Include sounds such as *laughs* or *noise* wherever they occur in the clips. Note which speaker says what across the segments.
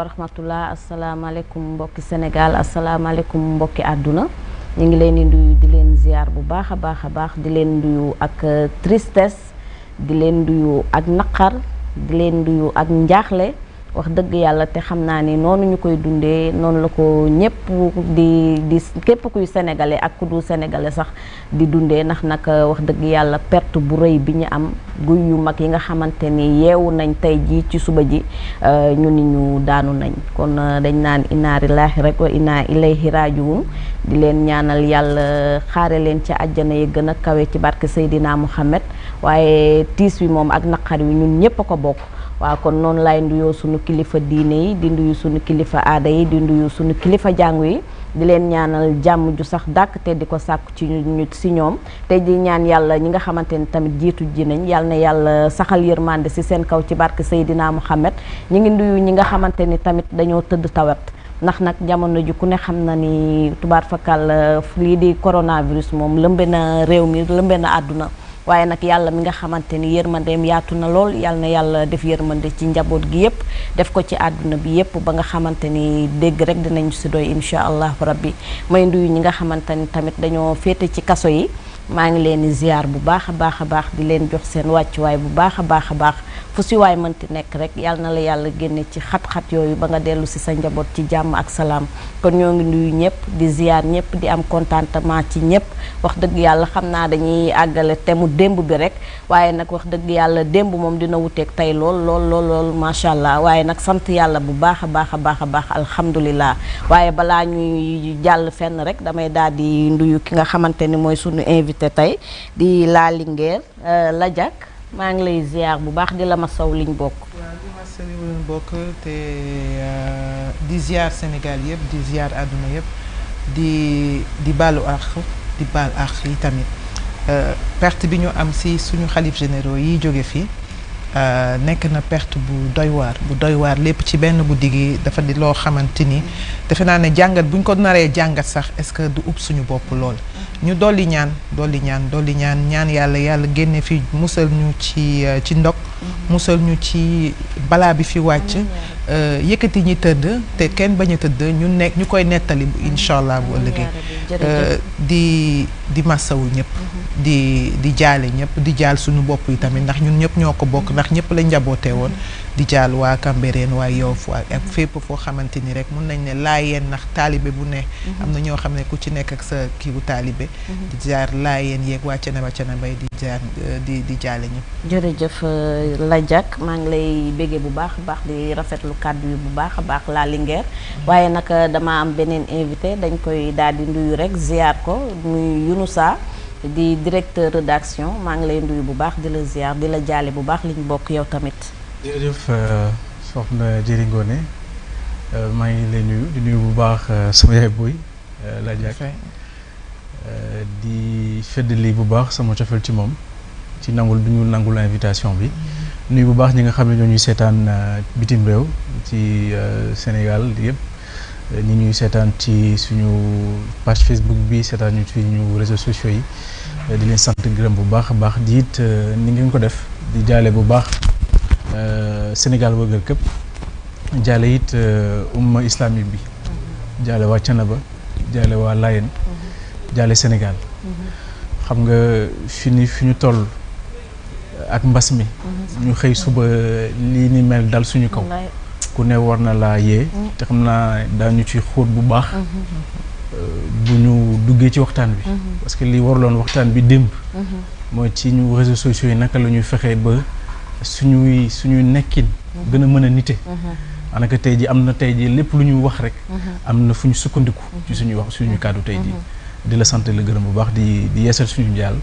Speaker 1: wa rahmatullah asalaamaaleykum mbokki Sénégal asalaamaaleykum mbokki àdduna ñu ngi leen di nuyu di leen ziar bu baax a baax a baax di leen nuyu ak uh, tristesse di leen nuyu ak naqar di leen nuyu ak njaaxle wax dëgg yàlla te xam naa ni noonu ñu koy dundee noonu la ko ñëpp di di képp kuy sénégalais ak ku du sax di dundee ndax nag euh, wax dëgg yàlla perte bu rëy bi ñu am guy yu mag yi nga xamante ni yeewu nañ tey jii ci suba ji euh, ñu ni ñu daanu nañ kon euh, dañ naan inna lillahi rek wa inna ilayhi rajiun di leen ñaanal yàlla xaare leen ci àjjana yi gën a kawe ci barke seydinaa Muhammad waaye tiis wi moom ak naqar wi ñun ñëpp a ko bokk waaw kon noonu lay nduyoo sunu kilifa diine yi di nduyu sunu kilifa aada yi di nduyu sunu kilifa jàngu yi di leen ñaanal jàmm ju sax dàkk te di ko sàkku ci si ñoom te di ñaan yàlla ñi nga xamante ni tamit jiitu ji nañ yàlla na yàlla saxal yërmande si seen kaw ci barke dinaa Muhammad ñi ngi nduyu ñi nga xamante ni tamit dañoo tëdd tawat ndax nag jamono ji ku ne xam na ni tubaar fakal lii di coronavirus moom lëmbe na réew mi lëmbe na àdduna waaye nag yàlla mi nga xamante ni yërmandeem yaatu na lool yàlla na yàlla def yërmande ci njaboot gi yépp def ko ci àdduna bi yépp ba nga xamante ni dégg rek dinañ si doy incha allahu rabbi may nduyu ñi nga xamante ni tamit dañoo féete ci kaso yi maa ngi leen di ziar bu baax a baax a baax di leen jox seen wàccuwaay bu a baax a baax fu si waay nekk rek yal na la yàlla génne ci xat-xat ba nga dellu si sa njaboot ci jàmm ak salaam kon ñoo ngi nuyu ñëpp di ziar ñëpp di am contentement ci ñëpp wax dëgg yàlla xam naa dañuy àggale te démb bi rek waaye nag wax dëgg yàlla démb moom dina wuteeg tey lool lool macha allah waaye nag sant yàlla bu baax a baax a baax a baax alhamdulilah waaye balaa ñuy jàll fenn rek damay daal di nuyu ki nga xamante ni mooy sunu invité invité tey di La Linguère euh, la jak maa ngi lay ziar bu baax di la ma saw liñ bokk. waaw di ma te
Speaker 2: euh, di ziar Sénégal yëpp di ziar àdduna yëpp di di baalu di baal àq yi tamit euh, perte bi ñu am si suñu xalif généraux yi jóge fii. nekk na perte bu doy waar bu doy waar lépp ci benn bu gi dafa di loo xamante ni defe naa ne jàngat bu ñu ko naree jàngat sax est-ce que du ub suñu bopp lool ñu dolli ñaan dolli ñaan dolli ñaan ñaan yàlla yàlla génne fi musal ñu ci euh, ci ndog mhm. musal ñu ci balaa bi fi wàcc euh, yëkkati ñi tëdd te kenn bañu tëdd ñu nekk ñu koy nettali incha allah bu ëllëgee euh, di di massawu ñëpp mhm. di di jaale ñëpp di jaal suñu bopp yi tamit ndax ñun ñëpp ñoo ko bokk ndax ñëpp la njaboote woon mhm. di jaal waa Cambérène waa Yoff waa ak fépp foo xamante ni rek mun nañ ne laayeen ndax taalibe bu ne mhm. am na ñoo xam ne ku ci nekk ak sa kiiwu taalibe mhm. di jaar laayeen yeeg waa Canaba Canabay di jaar di di jaale
Speaker 1: ñëpp jërëjëf euh, la jak maa ngi lay béggee bu baax baax di rafetlu kàddu yi bu baax a baax la Linguère mhm. waaye nag euh, dama beneen invité dañ koy daal di nduyu rek ziar ko muy Yunusa di directeur rédaction maa ngi lay nduyu bu baax di la ziar di la jaale bu baax liñ bokk yow tamit
Speaker 3: jërëjëf euh, soxna Jëri Ngoone euh, maa ngi lay nuyu nuyu bu baax euh, sama yaay buy la jàkk di feddali bu baax sama cofeel ci moom ci nangul du ñu nangul invitation bi mm-hmm. nuyu bu baax ñi nga xam ne ñoo seetaan bitim réew ci Sénégal yëpp ñi ñuy seetaan ci suñu page Facebook bi seetaan ñu ci ñu réseaux sociaux yi mm-hmm. di leen sant gërëm bu baax a baax di it ni ngeen ko def di jaale bu baax Euh, Sénégal wëgal këpp jaale it euh, umma islamique bi mhm. jaale waa Canaba jaale waa Layen mhm. jaale Sénégal mhm. xam nga fi ni fi ñu toll ak mbas mi ñu xëy suba lii ni mel dal suñu kaw ku ne war na laa yee mm. te xam naa daañu ci xóot bu baax euh, bu ñu duggee ci waxtaan bi parce que li waruloon waxtaan bi démb mooy ci ñu réseaux sociaux yi naka la ñuy fexee ba suñuy suñuy nekkin gën a mën a nite mhm. anaka tey ji am na tey ji lépp lu ñuy wax rek mhm. am na fu ñu sukkandiku mhm. ci suñuy wax suñu kàddu tey ji di la sant la gërëm bu baax di di yeesal suñu njaal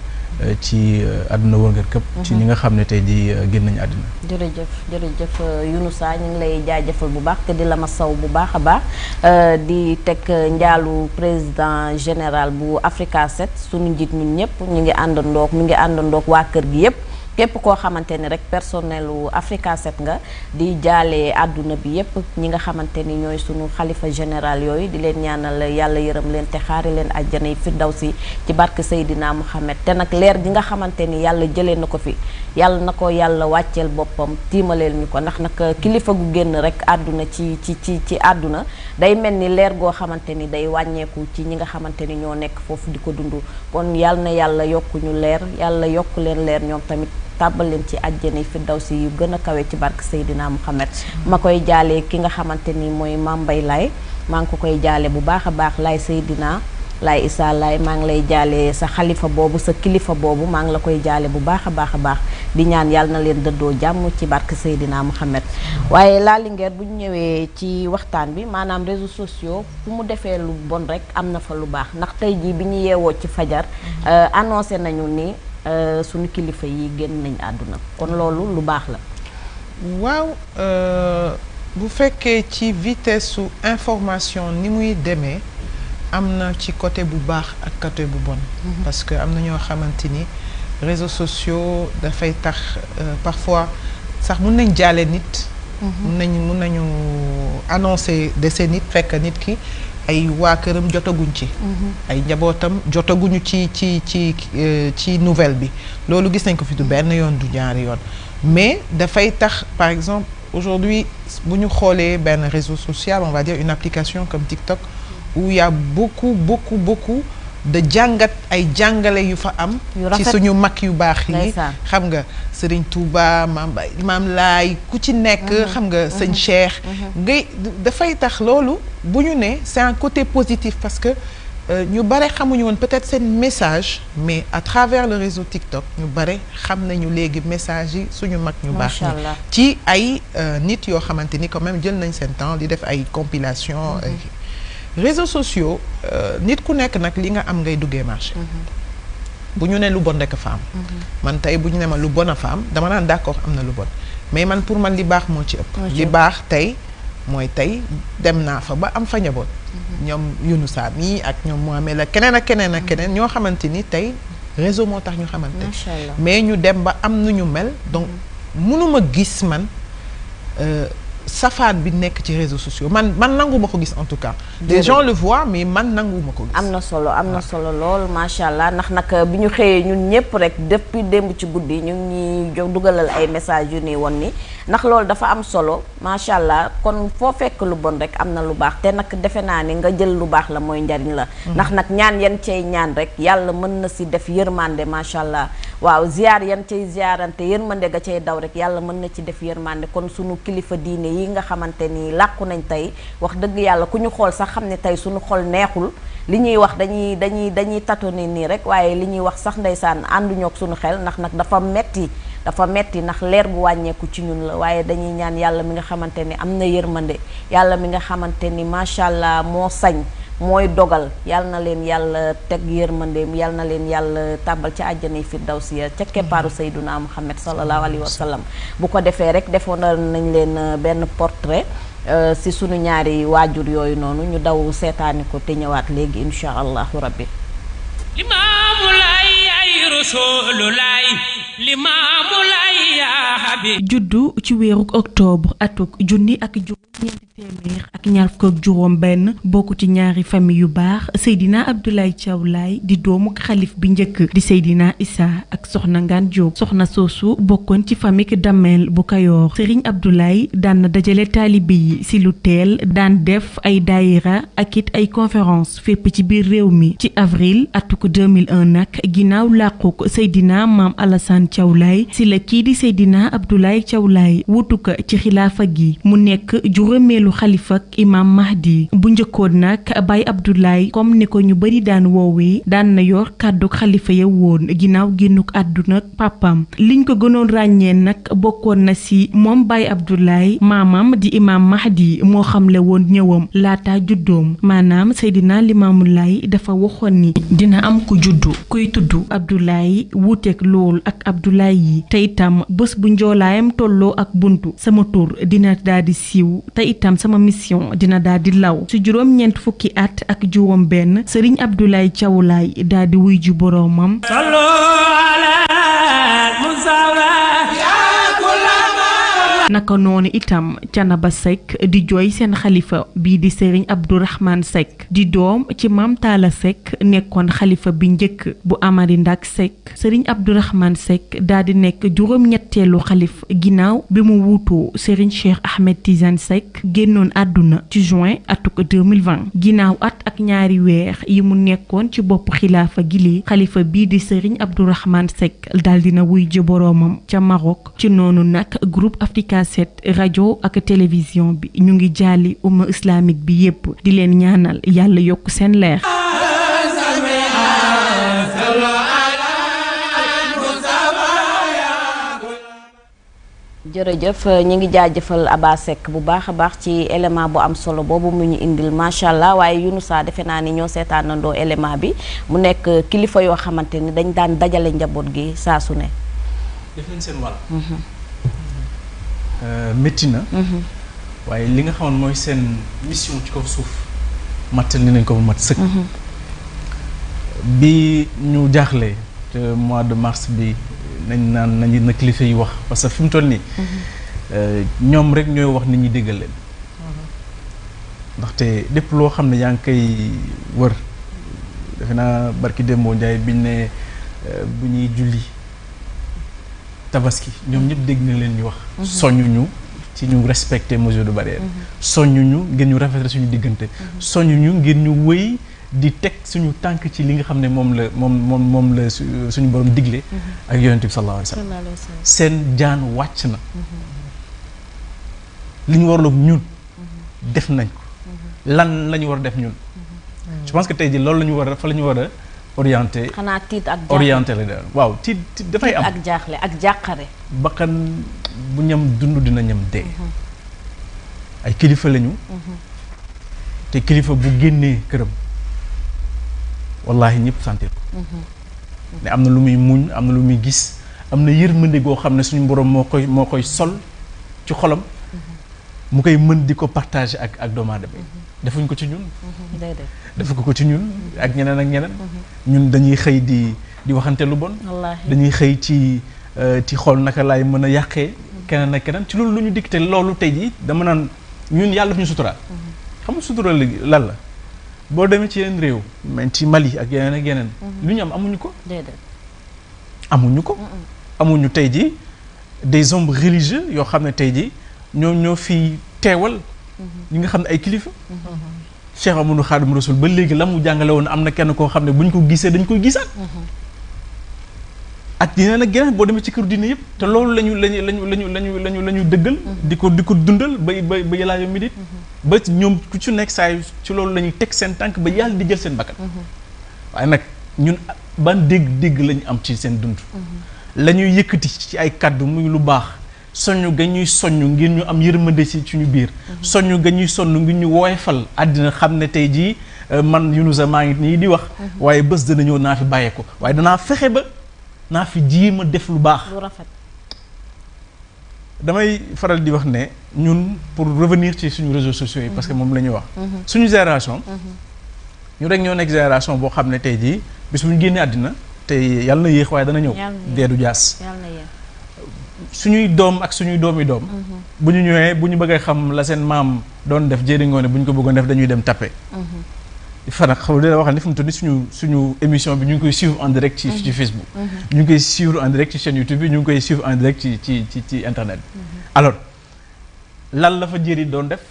Speaker 3: euh, ci euh, àdduna wërngër këpp ci ñi nga xam ne tey ji euh, génn nañu àddina
Speaker 1: jërëjëf jërëjëf Younoussa ñu ngi lay bu baax te di la ma saw bu baax a baax di teg njaalu président général bu Africa set suñu njiit ñun ñëpp ñu ngi àndandoog mu ngi àndandoog waa kër gi yëpp képp koo xamante ni rek personnelu Africa 7 nga di jaale àdduna bi yépp ñi nga xamante ni ñooy sunu xalifa général yooyu di leen ñaanal yàlla yërëm leen te xaari leen àjjana yi fi daw si ci sey Seydina Muhammad te nag leer gi nga xamante ni yàlla jëlee na ko fi yàlla na ko yàlla wàcceel boppam tiimaleel ñu ko ndax nag kilifa gu génn rek àdduna ci ci ci ci àdduna day mel ni leer goo xamante ni day wàññeeku ci ñi nga xamante ni ñoo nekk foofu di ko dund kon yàlla na yàlla yokku ñu leer yàlla yokku leen leer ñoom tamit tàbbal leen ci àjjana firdawsi yu gën a kawe ci barke Seydina Muhammad ma koy jaale ki nga xamante ni mooy Mame laay maa ngi ko koy jaale bu baax a baax Laye Seydina laay Issa Laye maa ngi lay jaale sa xalifa boobu sa kilifa boobu maa ngi la koy jaale bu baax a baax a baax di ñaan yàlla na leen dëddoo jàmm ci barke Seydina Muhammad waaye laalingeer bu ñu ñëwee ci waxtaan bi maanaam réseau sociaux fu mu defee lu bon rek am na fa lu baax ndax tey jii bi ñu yeewoo ci fajar mm-hmm. euh, annoncé nañu ni Euh, suñu kilifa yi génn nañ àdduna kon loolu lu baax la
Speaker 2: waaw euh, bu fekkee ci vitesse su information ni muy demee am na ci côté bu baax ak côté bu bon mhm. parce que am na ñoo xamante ni réseaux sociaux dafay tax euh, parfois sax mun nañ jaale nit mhm. mun nañ mun nañu annoncer décès nit fekk nit ki ay waa këram jotaguñ ci. Mhm. ay njabootam jotaguñu ci ci ci euh, ci nouvelle bi loolu gis nañ ko fi du benn yoon du ñaari yoon mais dafay tax par exemple aujourd'hui bu ñu xoolee benn réseau social on va dire une application comme TikTok où il y a beaucoup beaucoup de jàngat ay jàngale yu fa am ci suñu mag yu baax yi xam nga sëriñ Touba maam maam laay ku ci nekk mhm. xam nga sëñ mhm. Cheikh mhm. ngay dafay tax loolu bu ñu ne c'est un côté positif parce que euh, ñu bare xamuñu woon peut-être seen message mais à travers le réseau TikTok ñu bare xam nañu léegi message yi suñu mag ñu baax ñi ci ay euh, nit yoo xamante ni quand même jël nañ seen temps di def ay compilation réseaux sociaux euh, nit ku nekk nag li nga am ngay duggee marché. Mm-hmm. bu ñu ne lu bon rek fa am.
Speaker 4: Mm-hmm.
Speaker 2: man tey bu ñu ne ma lu bon a fa am dama naan d'accord am na lu bon mais man pour man li baax moo ci ëpp. li baax tey mooy tey dem naa fa ba am fa njaboot. Mm-hmm. ñoom Younousa mi ak ñoom Mohamed la keneen ak keneen ak keneen ñoo xamante ni tey réseau moo tax ñu xamante mais ñu dem ba am nu ñu mel donc mënuma gis man. Euh, safaan bi nekk ci réseau sociaux man man nangu ma ko gis en tout cas. les gens le voient mais man nangu ko
Speaker 1: gis. am na solo am na ah. solo lool macha allah ndax nag euh, bi ñu xëyee ñun ñëpp rek depuis démb ci guddi ñu ngi ñuy dugalal ay messages yu nii woon nii ndax loolu dafa am solo macha allah kon foo fekk lu bon rek am na lu baax te nag defe naa ni nga jël lu baax la mooy njariñ la mm-hmm. ndax nag ñaan yan cey ñaan rek yàlla mën na si def yërmande macha allah waaw ziar yan cey ziarante yërmande ga cay daw rek yàlla mën na ci def yërmande kon sunu kilifa diine yi nga xamante ni làkku nañ tey wax dëgg yàlla ku ñu xool sax xam ne tey suñu xol neexul li ñuy wax dañuy dañuy dañuy tato ni nii rek waaye li ñuy wax sax ndeysaan ànduñook sunu xel ndax nag dafa metti dafa metti ndax leer bu wàññeeku ci ñun la waaye dañuy ñaan yàlla mi nga xamante ni am na yërmande yàlla mi nga xamante ni macha allah moo sañ mooy dogal yàlla na leen yàlla teg yërmandeem yàlla na leen yàlla tàbbal ca àjjanay firdawsi ya ca keppaaru sayduna muhammad sallallahu alayhi wa sallam bu ko defee rek defoon nañ leen uh, benn portrait uh, si sunu ñaari waajur yooyu noonu ñu daw seetaani ko te ñëwaat léegi incha allahu rabbi
Speaker 5: juddu ci weeruk octobre atuk junni ak juróom benn bokk ci ñaari famille yu baax Seydina Abdoulaye Thiaw di doomu xalif bi njëkk di Seydina Issa ak soxna Ngaan Diop soxna soosu bokkoon ci famille Damel bu Kayoor Serigne Abdoulaye daan dajale taalibe yi si lu teel daan def ay dayra ak it ay conférence fépp ci biir réew mi ci avril atuk 2001 nag ginnaaw làquk Seydina Maam Alassane Thiaw Laye si la kii di Seydina Abdoulaye Thiaw Laye wutuka ci xilaafa gi mu nekk juróomeelu xalifak imaam Mahdi bu njëkkoon nag Baye Abdoulaye comme ni ko ñu bari daan woowee daan na yor kàdduk xalifa ya woon ginnaaw génnuk àdduna papam liñ ko gënoon ràññee nag bokkoon na si moom Baye Abdoulaye maamam di imaam Mahdi moo xamle woon ñëwam laata juddoom maanaam Seydina Limaamu dafa waxoon ni dina am am ku juddu kuy tudd Abdoulaye wuuteeg lool ak Abdoulaye yi te itam bés bu njoolaayam tolloo ak buntu sama tur dina daal di siiw te itam sama mission dina daal di law ci juróom-ñeent fukki at ak juróom benn Serigne Abdoulaye Thiaw Laye daal di wuy ju boroomam naka noonu itam ba Seck di jooy seen xalifa bii di Serigne Abdourahmane Seck di doom ci Maam Talla Seck nekkoon xalifa bi njëkk bu Amari Ndak Seck Serigne Abdourahmane Seck daal di nekk juróom-ñetteelu xalif ginnaaw bi mu wuutoo Serigne Cheikh Ahmed Seck génnoon àdduna ci juin atuk 2020 ginnaaw at ak ñaari weex yi mu nekkoon ci boppu xilaafa gile xalifa bii di Serigne Abdourahmane Seck daal dina wuy ji boroomam ca Maroc ci noonu nag groupe Africa cassette rajo ak télévision bi ñu ngi jaali umma islamique bi yépp di leen ñaanal yàlla yokk seen leer
Speaker 1: jërëjëf ñu ngi jaajëfal Aba bu baax a baax ci élément bu am solo boobu mu ñu indil macha allah waaye Yunusa defe naa ni ñoo seetaanandoo élément bi mu nekk kilifa yoo xamante ni dañ daan dajale njaboot gi saasu ne.
Speaker 3: Euh, métti na. Mhm. waaye li nga xamoon mooy seen mission ci kaw suuf mattal ni nañ ko mat sëkk. Mhm. bi ñu jaaxlee te mois de mars bi nañ naan nañu na kilifa yi wax parce que fi mu toll nii. Mhm. Euh, ñoom rek ñooy wax ni ñu déggal leen. ndaxte lépp loo xam ne yaa ngi koy wër defe naa barki démboo Njaay biñ ne euh, bu ñuy julli. tabaski ñoom ñëpp dégg na leen ñu wax mhm. soñu ñu ci ñu respecter mesure de barrière mhm. soñu ñu ngir ñu rafetal suñu diggante mhm. soñu ñu ngir ñu wëy di teg suñu tànk ci li nga xam ne moom la moom moom moom la suñu borom digle ak yonent bi sallallahu alayhi wasallam seen jaan wàcc na li ñu warloog ñun def nañ ko lan lañu war a def ñun je pense que tey ji loolu la ñu war a fa la ñu war a orienté
Speaker 1: xanaa tiit ak
Speaker 3: orienté waaw tiit
Speaker 1: tiit dafay am ak jaaxle ak jàqare
Speaker 3: bakkan bu ñam dund dina ñam dee mhm. ay kilifa lañu mhm. te kilifa bu génnee këram wallaahi ñëpp sentir ko mhm. ne am na lu muy muñ am na lu muy gis am na yërmande goo xam ne suñu mboroom moo koy moo koy sol ci xolom mu koy mën di ko partage ak ak doomu defuñ ko ci ñun.
Speaker 4: Mm-hmm.
Speaker 3: defu ko ko ci ñun mm-hmm. ak ñeneen ak ñeneen. Mm-hmm. ñun dañuy xëy di di waxante lu bon. dañuy xëy ci euh, ci xool naka laay mën a yàqee. keneen ak keneen ci loolu lu ñu dicté loolu tey jii dama naan ñun yàlla daf ñu suturaal. xam nga suturaal lan la boo demee ci yeneen réew. mais ci Mali ak yeneen ak yeneen. lu ñu am amuñu ko. amuñu ko. amuñu tey jii des hommes religieux yoo xam ne tey jii ñoo ñoo fi teewal. Mm-hmm. ñi nga xam ne ay kilifa. Mm-hmm. Cheikh Amadou Khadim Rasoul ba léegi la mu jàngale woon am na kenn koo xam ne bu ñu ko gisee dañ koy gisaat. Mm-hmm. ak yeneen ak yeneen boo demee ci kër diine yëpp te loolu la ñu la ñu la ñu la ñu dëggal. di ko di dundal ba ba ba yàllaa yombi ba ñoom ku ci nekk saa ci loolu lañuy teg seen tànk ba yàlla di jël seen bakkan. waaye nag ñun ban dégg-dégg lañu am ci seen dund. lañuy ñuy yëkkati ci ay kàddu muy lu baax. soññ ga ñuy soññ ngir ñu am yërmande ci suñu biir mhm. soññ ga ñuy sonn ngir ñu woyfal àddina xam ne tey jii euh, man sa maa ngi nii di wax mhm. waaye bës dana ñëw naa fi bàyyee ko waaye dana fexe ba naa fi ma def lu baax rafet damay faral di wax ne ñun pour revenir ci suñu réseaux sociaux yi parce que mhm. moom la ñuy wax suñu génération ñu rek ñoo nekk génération boo xam ne tey jii bis bu ñu génnee àddina te yàlla na yéex waaye dana ñëw deedu jaas suñuy doom ak suñuy doomi doom. Mm-hmm. bu ñu ñëwee bu ñu bëggee xam la seen maam doon def jëriñoone bu ñu ko bëggoon def dañuy dem tappe. fan ak xaw dina wax ne fi mu toll suñu suñu émission bi ñu ngi koy suivre en direct ci ci mm-hmm. Facebook. Mm-hmm. ñu ngi koy suivre en direct ci chaîne YouTube bi ñu ngi koy suivre en direct ci ci ci ci internet bi. alors lan la fa doon def.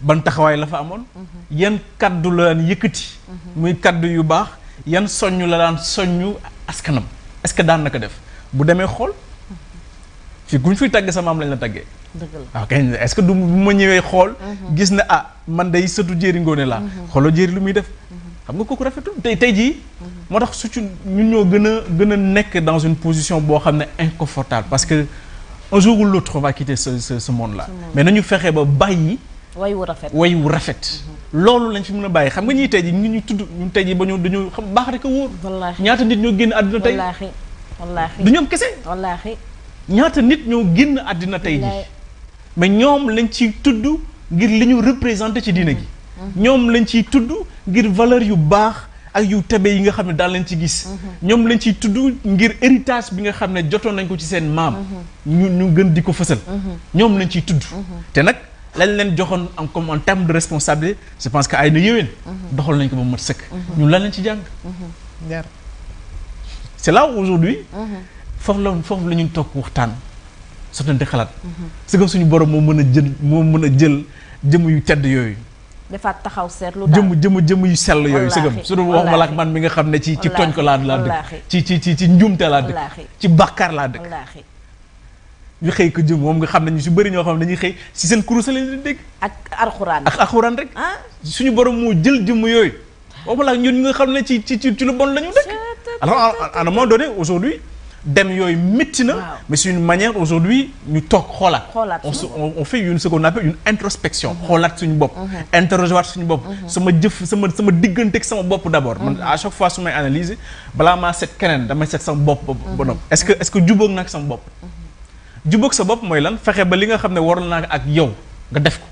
Speaker 3: ban taxawaay la fa amoon. yan kaddu la daan yëkkati. muy kàddu yu baax yan soññ la daan soññu askanam est-ce que daan def bu demee xool. fi guñ fi tàggee sa maam lañ la tàggee. dëgg la waaw ah, kañ est-ce que du ma ñëwee xool. Mhm. gis na ah man day sëtu jëri ngoone laa. Mhm. xooloo jéeri lu muy def. Mhm. xam nga kooku rafetul tey tey jii. moo tax su ci ñun ñoo gën a gën a nekk dans une position boo xam ne inconfortable parce que un jour ou l'autre on va quitter ce ce ce monde là. mais nañu fexe ba bàyyi. way wu rafet way wu rafet. loolu lañ fi mun a bàyyi xam nga ñuy tey jii ñu ñu tudd ñu tey jii ba ñu dañoo baax rek
Speaker 5: a wóor. wallaahi ñaata nit
Speaker 3: ñoo génn àdduna tey. wallaahi wallaahi du ñoom kese. wallaahi. ñaata nit ñoo génn àddina tey ji mais ñoom lañ ciy tuddu ngir li ñu représenté ci diina gi mm-hmm. Mm-hmm. ñoom lañ ciy tudd ngir valeur yu baax ak yu tebe yi nga xam ne daal lañ ci gis mm-hmm. ñoom lañ ciy tuddu ngir héritage bi nga xam ne jotoon nañ ko ci seen maam ñu ñu gën di ko fësal
Speaker 4: ñoom lañ ciy tudd
Speaker 3: te nag lañ leen joxoon en comme en terme de responsabilité je pense que ay na yéwén doxal nañ ko ba mat sëkk ñu lan lañ ci jàng c'est là aujourd'hui foofu la foofu la toog waxtaan sottante xalaat. Mhm. si suñu borom moo mën a jël moo mën a jël jëmm yu tedd yooyu.
Speaker 1: dafa taxaw seetlu daal
Speaker 3: jëmm jëmm yu sell yooyu. sëgam su waxuma man mi nga xam ne ci ci tooñ laa laa ci ci ci ci njuumte laa dëkk. ci bàkkaar laa ñu xëy ko jëm moom nga xam ne ñu si bëri ñoo xam ne dañuy xëy seen kurus lañ leen dégg. ak alxuraan ak ah. suñu borom moo jël jëmm yooyu. waxuma la ñun ñu nga xam ne ci ci ci lu bon la ñu dëkk. alors à un moment donné aujourd'hui dem yooyu métti na. mais c'est une manière aujourd'hui ñu toog xoolaat. xoolaat on on fait une ce qu'on appelle une introspection. Mhm. xoolaat suñu bopp. Mhm. interroger suñu bopp. Mhm. sama jëf sama sama diggante ak sama bopp d'abord. man a chaque fois su may analyser balaa maa set keneen damay set sama bopp ba noppi. est-ce que que jubóog na ak sama bopp. jubóog sa bopp mooy lan fexe ba li nga xam ne waroon naa ak yow nga def ko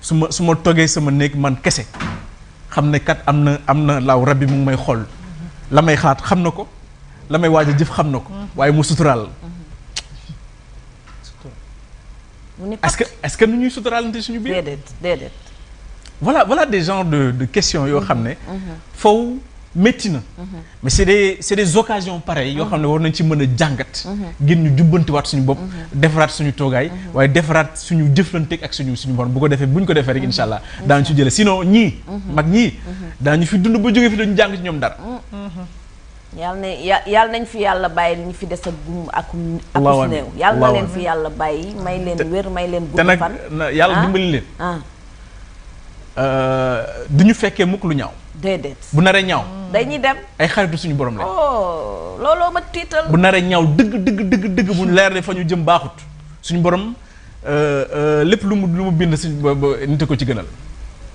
Speaker 3: su ma su ma toggee sama néeg man kese xam ne kat am na am na laaw rab bi mu may xool la may xalaat xam na ko. la may waaj jëf xam na ko. Mm-hmm. waaye mu suturaal. est-ce que est que nu ñuy suturaalante suñu biir. déedéet déedéet. voilà voilà des genres de de questions yoo xam ne. Mm-hmm. Mm-hmm. foofu metti na. mais c'est des c'est des occasions pareilles yoo xam ne war nañ ci mën a jàngat. ngir ñu jubbantiwaat suñu bopp. defaraat suñu toogaay. waaye defaraat suñu jëflanteeg ak suñu suñu borom bu ko defee bu ñu ko defee rek incha allah daañu ci jëlee sinon ñii. mag ñii ñu fi dund ba jógee fi dañu jàng ci ñoom dara.
Speaker 1: yàlla na yàlla nañ fi yàlla bàyyi li ñu fi des ak gum ak. akus néew yàlla na leen fi yàlla bàyyi may leen wér may leen. gudd fan
Speaker 3: te nag yàlla ah? dimbali leen. Ah. Euh, du ñu fekkee mukk lu ñaaw. déedéet bu naree ñaaw. Mm. dañuy dem ay xaritu suñu borom la.
Speaker 1: oh looloo ma tiital. bu naree
Speaker 3: ñaaw dëgg dëgg dëgg dëgg bu leer ne fa ñu jëm baaxut suñu borom euh, euh, lépp lu mu lu bind suñu nite ko ci gënal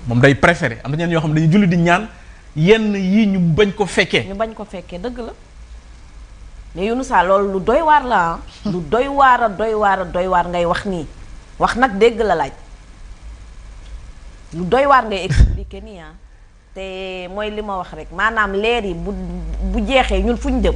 Speaker 3: moom day préféré am na ñenn yoo xam ne dañuy julli di ñaan. yenn yii ñu bañ ko fekkee. ñu bañ ko fekkee dëgg la
Speaker 1: mais Younoussa loolu lu doy waar la ah. lu doy waar doy waar doy waar ngay wax nii wax nag dégg la laaj lu doy waar ngay expliquer nii ah te mooy li ma wax rek maanaam leer yi bu bu jeexee ñun fu ñu jëm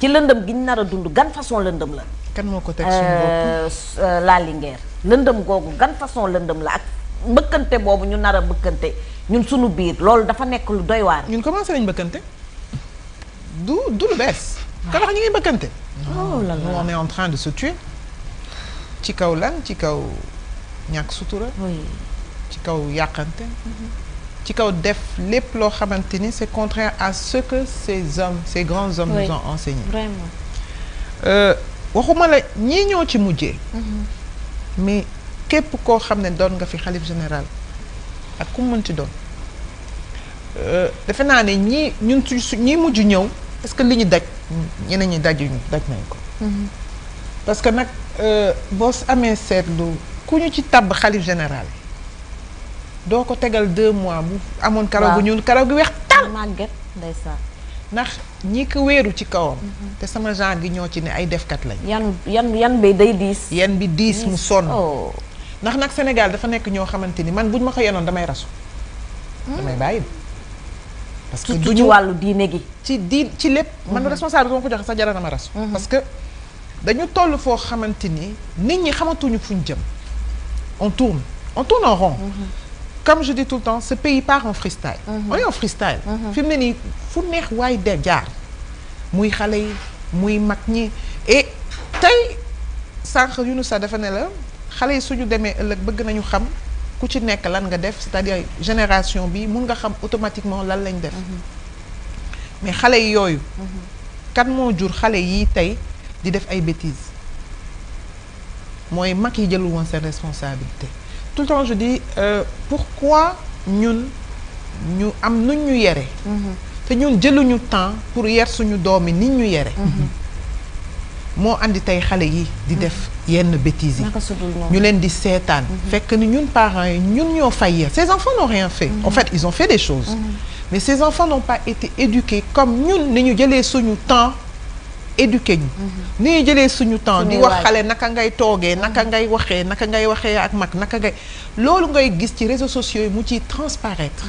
Speaker 1: ci lëndëm gi ñu nar a dund gan façon lëndëm la.
Speaker 2: kan ko teg suñu euh,
Speaker 1: euh, la Linguère lëndëm googu gan façon lëndëm la ak mbëkkante boobu ñu nar a mbëkkante. ñun suñu biir loolu dafa nekk lu doy waar. ñun commencé nañ bëkkante du du lu bees. kalax ñu ngi bëkkante. oh là
Speaker 2: en train de se ci kaw lan ci kaw ñàkk sutura. ci kaw yàqante. Mhm. ci kaw def lépp loo xamante ni c'est contraire à ce que ces hommes ces grands hommes nous ont enseigné. vraiment. Euh, waxuma la ñii ñoo ci mujjee. Mhm. mais képp koo xam ne doon nga fi xalif général. ak ku mu mënti doon euh, defe naa ne ñii ñun su ñii mujj ñëw est-ce que li ñu daj ñeneen ñi dajuñu daj nañ ko. Mhm. parce que nag euh, boo amee seetlu ku ñu ci tabb xalif général doo ko tegal deux mois bu amoon. karaw gu ñuul karaw gi weex
Speaker 1: tal màgget
Speaker 2: ndax ñi ko wéeru ci kawam. Mhm. te sama genre gi ñoo ci ne ay defkat lañ. yan yan yan bi day diis. yan bi diis mu sonn. Oh. ndax nag Sénégal dafa nekk ñoo xamante ni man buñ ma ko yenoon damay rasu. Hmm. damay bàyyi parce que du ñu ci wàllu diine gi. ci di ci lépp. man hmm. responsable bi ma ko joxe sax jarana rasu. Hmm. parce que dañu toll foo xamante ni nit ñi xamatuñu ñu jëm. on tourne on tourne en rond. comme je dis tout le temps ce pays part en freestyle. on en freestyle. fi mu ne nii fu neex waay de jaar. muy xale yi muy mag ñi et yu nu Younoussa dafa ne la xale yi suñu demee ëllëg bëgg nañu xam ku ci nekk lan nga def cest à génération bi mun nga xam automatiquement lan lañ def mhm. mais xale yi yooyu mhm. kan moo jur xale yii tey di def ay bêtises mooy mag yi jëlu woon seen responsabilité tout le temps di dis euh, pourquoi ñun ñu am nuñ ñu yere mhm. te ñun jëluñu temps pour yer suñu doomi nit ñu yere moo indi tey xale yi di mm. def yenn bêtises
Speaker 1: yi ñu leen
Speaker 2: di seetaan mm-hmm. fekk ni ñun parents yi ñun ñoo faillir ces enfants n'ont rien fait mm-hmm. en fait ils ont fait des choses
Speaker 1: mm-hmm.
Speaker 2: mais ces enfants n'ont pas été éduqués comme ñun ni ñu jëlee suñu temps éduqué ñu ni ñu jëlee suñu temps di wax xale naka ngay toogee naka ngay waxee naka ngay waxee ak mag naka ngay loolu ngay gis ci réseaux sociaux yi mu ciy transparaître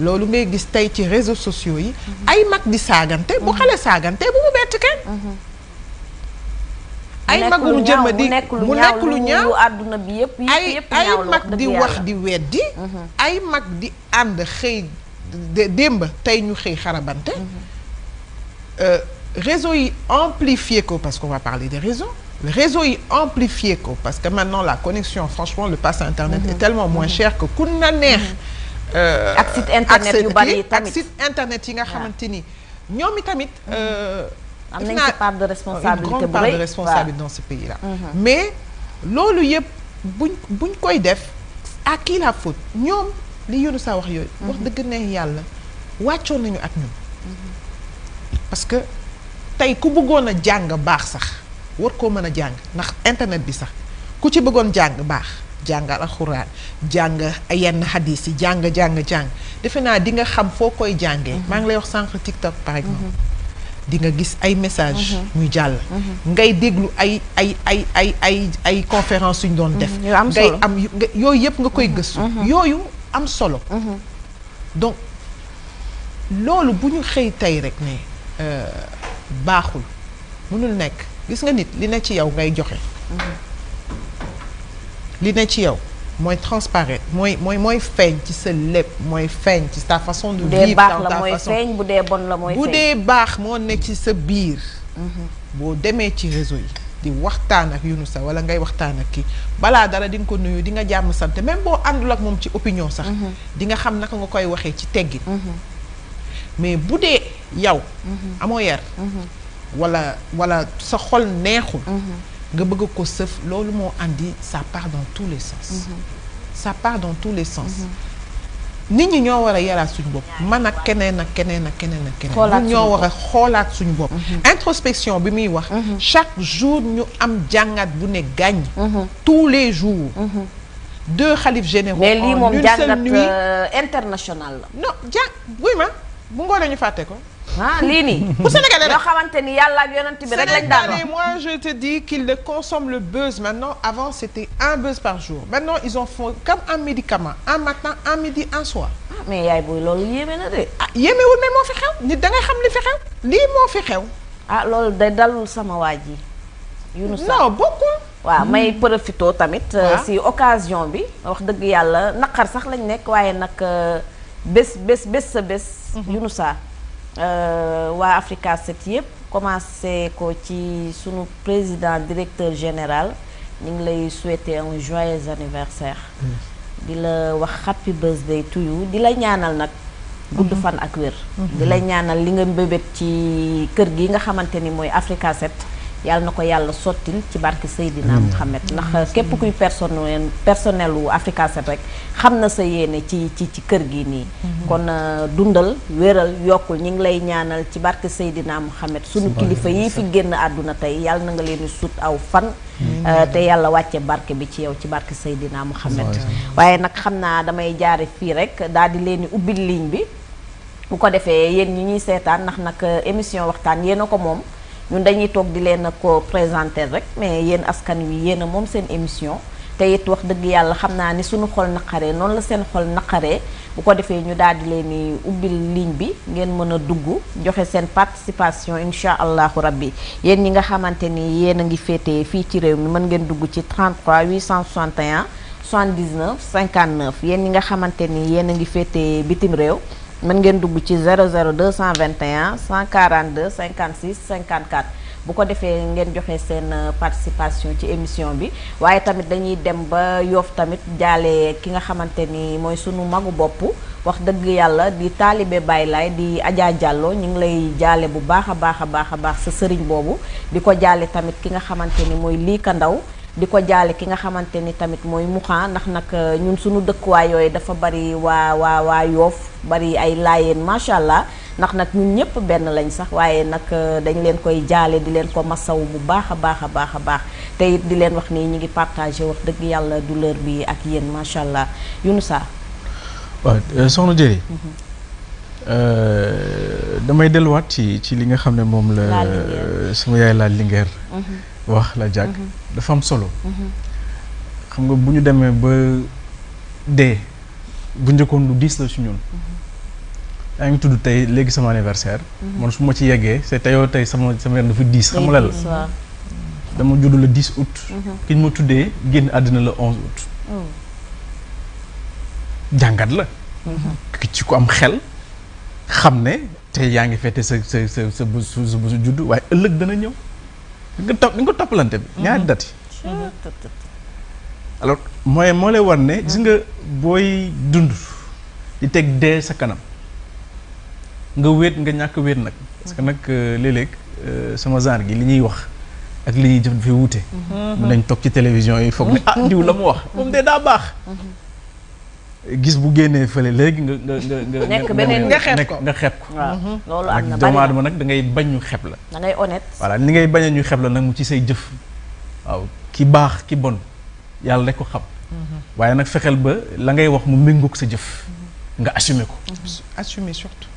Speaker 2: loolu ngay gis tey ci réseaux sociaux yi ay mag di saagante bu
Speaker 4: ay magum jëmm di mu nekk lu ñaaw
Speaker 2: àdduna bi yëpp yëpp ay mag di wax di weddi mhm. ay mag di ànd xëy démb tey ñu xëy xarabante mhm. euh, réseau yi amplifié ko parce qu'on va parler des réseaux le ko parce que maintenant la connexion franchement le pass internet mm -hmm. est tellement moins mhm. cher que ku na neex euh, ak site internet yu bari tamit ak yi nga xamante ni ñoom i tamit euh, am nañ ci part de responsabilité une grande part de responsabilité dans mhm. mais loolu yëpp buñ buñ koy def à qui la faute ñoom li yoonu saa wax yooyu. wax mhm. yàlla wàccoon nañu ak mhm. parce que tey ku bëggoon a jàng baax sax war koo mën a jàng ndax internet bi sax ku ci bëggoon jàng baax jàng alxuraan jàng yenn hadis yi jàng jàng jàng defe naa di nga xam foo koy jàngee. maa ngi lay wax sànq TikTok par exemple. di nga gis ay message muy mhm. jàll mhm. ngay déglu ay ay ay ay ay ay conférence suñ doon def mhm. ngay am yooyu yëpp nga koy gëstu yooyu am solo donc loolu bu ñu xëy tey rek ne euh, baaxul mënul nekk gis nga nit li ne ci yow ngay joxe li ne ci yow mooy transparent mooy mooy mooy feeñ ci sa lépp mooy feeñ ci ta façon de vivre dans bu dee baax la mooy feeñ bu
Speaker 1: dee bon la mooy feeñ bu
Speaker 2: baax moo nekk ci sa biir. Mhm. boo demee ci réseau yi. di waxtaan ak sax wala ngay waxtaan ak ki balaa dara di ko nuyu di nga jàmm sante même boo àndul ak moom ci opinion sax. Mhm. di nga xam naka nga koy waxee ci teggin. Mhm. mais bu dee yow. amoo yar. wala wala sa xol neexul. nga bëgg ko sëf loolu moo andi ça part dans tous les sens. Mhm. ça part dans tous les sens. Mhm. nit ñi ñoo war a yaraat suñu bopp man ak keneen ak keneen ak keneen ak keneen ñoo war a xoolaat suñu bopp mhm. introspection bi muy wax chaque jour ñu am jàngat bu ne gàññ tous les jours deux xalif généraux mais lii moom jàngat euh,
Speaker 1: international la non jàng buy ma bu ngoo dañu fàtte ko ah lii nii. bu *laughs* Sénégalais rek yoo xamante ni yàlla ak yonent bi rek lañ daan Sénégalais moi
Speaker 2: je te dis qu'ils ne consomment le buzz maintenant avant c'était un buzz par jour maintenant ils en font comme un médicament un matin un midi un soir. Ah,
Speaker 1: mais yaay booy loolu yéeme na de. ah yéemewul mais moo fi xew nit da xam li fi xew lii moo fi xew. ah loolu day dalul sama waa ji. Younouss non bokkul. waaw may profité tamit. Euh, si occasion bi. wax dëgg yàlla naqar sax lañ nekk waaye nag euh, bés bés sa mhm. Euh, waa Africa 7 yëpp commencé ko ci sunu président directeur général ñu ngi lay souhaiter un joyeux anniversaire. Mm. di la wax happy birthday to di la ñaanal nag. gudd mm-hmm. fan ak wér. Mm-hmm. di la ñaanal li nga mbébét ci kër gi nga xamante ni mooy Africa 7. yàlla na ko yàlla sottil ci barke Seydina Mouhamed ndax képp kuy personnel personnel wu Africa 7 rek xam na sa yéene ci ci ci kër gi nii mhm. kon euh, dundal wéral yokkul ñi ngi lay ñaanal ci barke Seydina Mouhamed suñu kilifa yi fi génn àdduna tey yàlla na nga leen sut aw fan mhm. euh, te yàlla wàcce barke bi ci yow ci barke Seydina Mouhamed waaye nag xam naa damay jaare fii rek daal di leen ubbil ligne bi bu ko defee yéen ñi ñuy seetaan ndax nag euh, émission waxtaan yéen a ko moom ñun dañuy toog di leen a ko présenter rek mais yéen askan wi yéen a moom seen émission te it wax dëgg yàlla xam naa ni suñu xol naqaree noonu la seen xol naqaree bu ko defee ñu daal di leen ni ubbil ligne bi ngeen mën a dugg joxe seen participation incha allahu rabbi yéen ñi nga xamante ni yéen a ngi féetee fii ci réew mi mën ngeen dugg ci 33 861 79 59 yéen ñi nga xamante ni yéen a ngi féetee bitim réew mën ngeen dugg ci cent 00 221 142 cinquante 54 bu ko defee ngeen joxe seen euh, participation ci émission bi waaye tamit dañuy dem ba yoof tamit jaale ki nga xamante ni mooy sunu magu bopp wax dëgg yàlla di taalibe Baay Laay di Adja Diallo ñu ngi lay jaale bu baax a baax a baax a baax sa sëriñ boobu di ko jaale tamit ki nga xamante ni mooy lii ka ndaw di ko jaale ki nga xamante ni tamit mooy muxaa ndax nag euh, ñun suñu dëkkuwaay yooyu dafa bari waa waa waa yoof bari ay laayeen macha allah ndax nag ñun ñëpp benn lañ sax waaye nag euh, dañ leen koy jaale di leen ko masaw bu baax a baax a baax a baax tey it di leen wax nii ñu ngi partagé wax dëgg yàlla douleur bi ak yéen macha allah Younoussa
Speaker 3: waaw euh, soxna Jëri mhm. damay delluwaat ci ci li nga xam ne moom la sama yaay laal lingeer mhm. wax la jàkk dafa am solo xam nga bu ñu demee ba dee bu njëkkoon lu diis la ci ñun yaa ngi tudd tey léegi sama anniversaire man su ma ci yeggee c'est teyoo tey sama sama yaram dafa diis xam nga lan la dama judd le 10 août ma tuddee génn àddina le 11 jàngat la ki ci ko am xel xam ne tey yaa ngi fete sa sa sa sa bésu judd waaye ëllëg dana ñëw nga topp nga ko toppalante bi. ñaari mm-hmm. dati.
Speaker 4: Mm-hmm.
Speaker 3: alors mooy moo lay war ne gis nga booy dund di teg dee sa kanam nga wéet nga ñàkk wéet nag. parce que nag euh, léeg-léeg euh, sama genre gi li ñuy wax ak li ñuy jëf dafay wuute. Mm-hmm. mën nañ toog ci télévision yi foog ne ah diw la mu wax moom de daa baax. gis bu génnee fële léegi nga nga nga nga. nga xeeb ko nga xeeb ko.
Speaker 4: waaw loolu am na doomu aadama
Speaker 3: nag da bañ ñu xeeb la. da ni ngay bañ ñu xeeb la nag mu ci say jëf. waaw ki baax ki bon yàlla rek ko xam. Mhm. waaye nag fexeel ba la ngay wax mu méngoog sa jëf. Mhm. nga assumer ko.
Speaker 2: Mhm.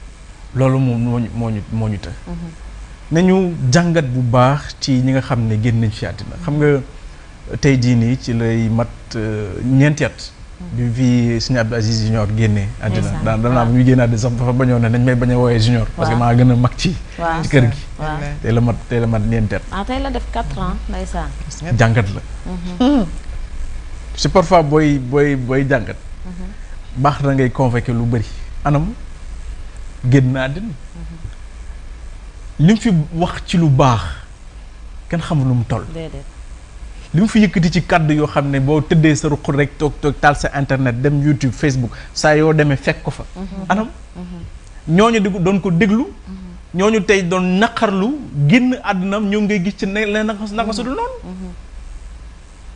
Speaker 3: loolu moom moo ñu moo ñu moo ñu të. nañu jàngat bu baax ci ñi nga xam ne génn nañ fi àddina xam nga tey jii nii ci lay mat euh, ñeenti bi mu fi Sëñ Abdou Aziz junior génnee àddina daan dam naa bi muy génne àddina sax dafa bañoon ne nañ may bañ a woowee junior parce que maa gën a mag ci kër gi tey la mat tey la mat ñeenti at
Speaker 1: ah la def quatre ans ndeysaan jàngat la mhm.
Speaker 3: *laughs* si parfois booy booy booy jàngat mhm. baax na ngay convoqué lu bëri anam génn àddina
Speaker 4: mhm.
Speaker 3: li mu fi wax ci lu baax kenn xamul nu mu toll li mu fi yëkkati ci kàddu yoo xam ne boo tëddee sa ruq rek toog toog taal sa internet dem YouTube Facebook saa yoo demee fekk ko fa.
Speaker 4: Mhm. anam mhm.
Speaker 3: ñoo ñu di doon ko déglu. Mhm. ñooñu tey doon naqarlu génn àddunam ñoo ngay gis ci ne la naka naka su dul noonu.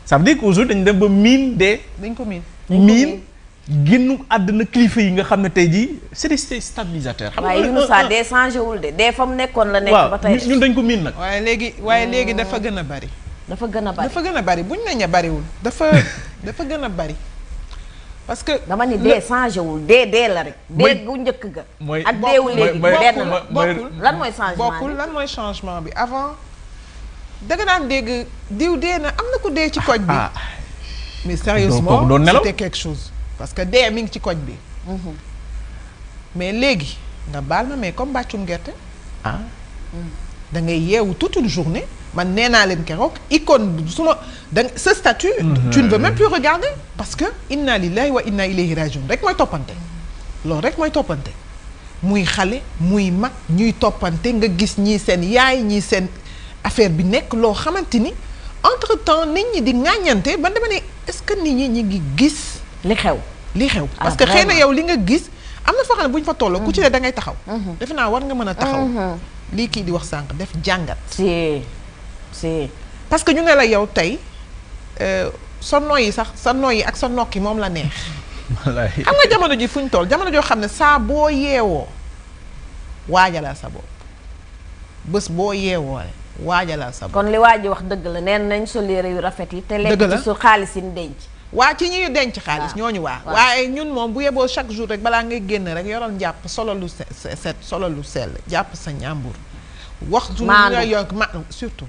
Speaker 3: ça veut dem ba miin de. dañ ko miin miin. génnu àdduna kilifa yi nga xam ne tey jii c'est des stabilisateurs. xam nga waaye Younoussa euh, euh. de
Speaker 1: changé wul de de fa mu nekkoon la. nekk ba tey ñun dañ ko miin nag. waaye léegi waaye léegi hmm. dafa gën
Speaker 2: a bari. dafa gën a bari dafa gën a bari buñ ne ña bariwul dafa *laughs* dafa gën a bari parce que dama ni dee changé wul dee dee la rek. dee gu njëkk ga. mooy ak deewu léegi benn la bokkul lan mooy changement bi lan mooy changement bi avant danga daan dégg diw dee na am na ku dee ci ah, koj bi. Ah. mais sérieusement c'était quelque chose. parce que dee mi ngi ci koj bi. Mhm. mais léegi nga baal ma mais comme bàccum gerte. ah da ngay yeewu tout une journée. man nee naa leen keroog icône su ma da sa statut mhm. tu ne veux même plus regarder parce que inna lillahi wa inna ilayhi rajiun rek mooy toppante loolu rek mooy toppante muy xale muy mag ñuy toppante nga gis ñii seen yaay ñi seen affaire bi nekk loo xamante ni entre temps nit ñi di ŋàññante ba dama ne est-ce que nit ñi ñi ngi gis li xew li xew ah, parce que xëy na yow li nga gis am na foo xam ne bu ñu fa tolloo ku ci ne mhm. da ngay taxaw mhm. defe naa war nga mën a taxaw lii kii di wax sànq def jàngat si parce que ñu ne la yow tey euh, sa yi sax sa yi ak sa nokki moom la neex. wallaay am nga jamono ji fuñ toll jamono joo xam ne saa boo yeewoo waajalal sa bopp bés boo yeewoo rek waajalal sa bopp.
Speaker 1: kon li waa ji wax dëgg la neen nañ sol yére yu rafet yi. te lekk ci su xaalis yi denc. waa ci ñuy denc xaalis ñooñu
Speaker 2: waa waaye ñun moom bu yeboo chaque jour rek balaa ngay génn rek yoral njàpp solo lu set solo lu sell jàpp sa ñàmbur. wax du ñu la ma surtout.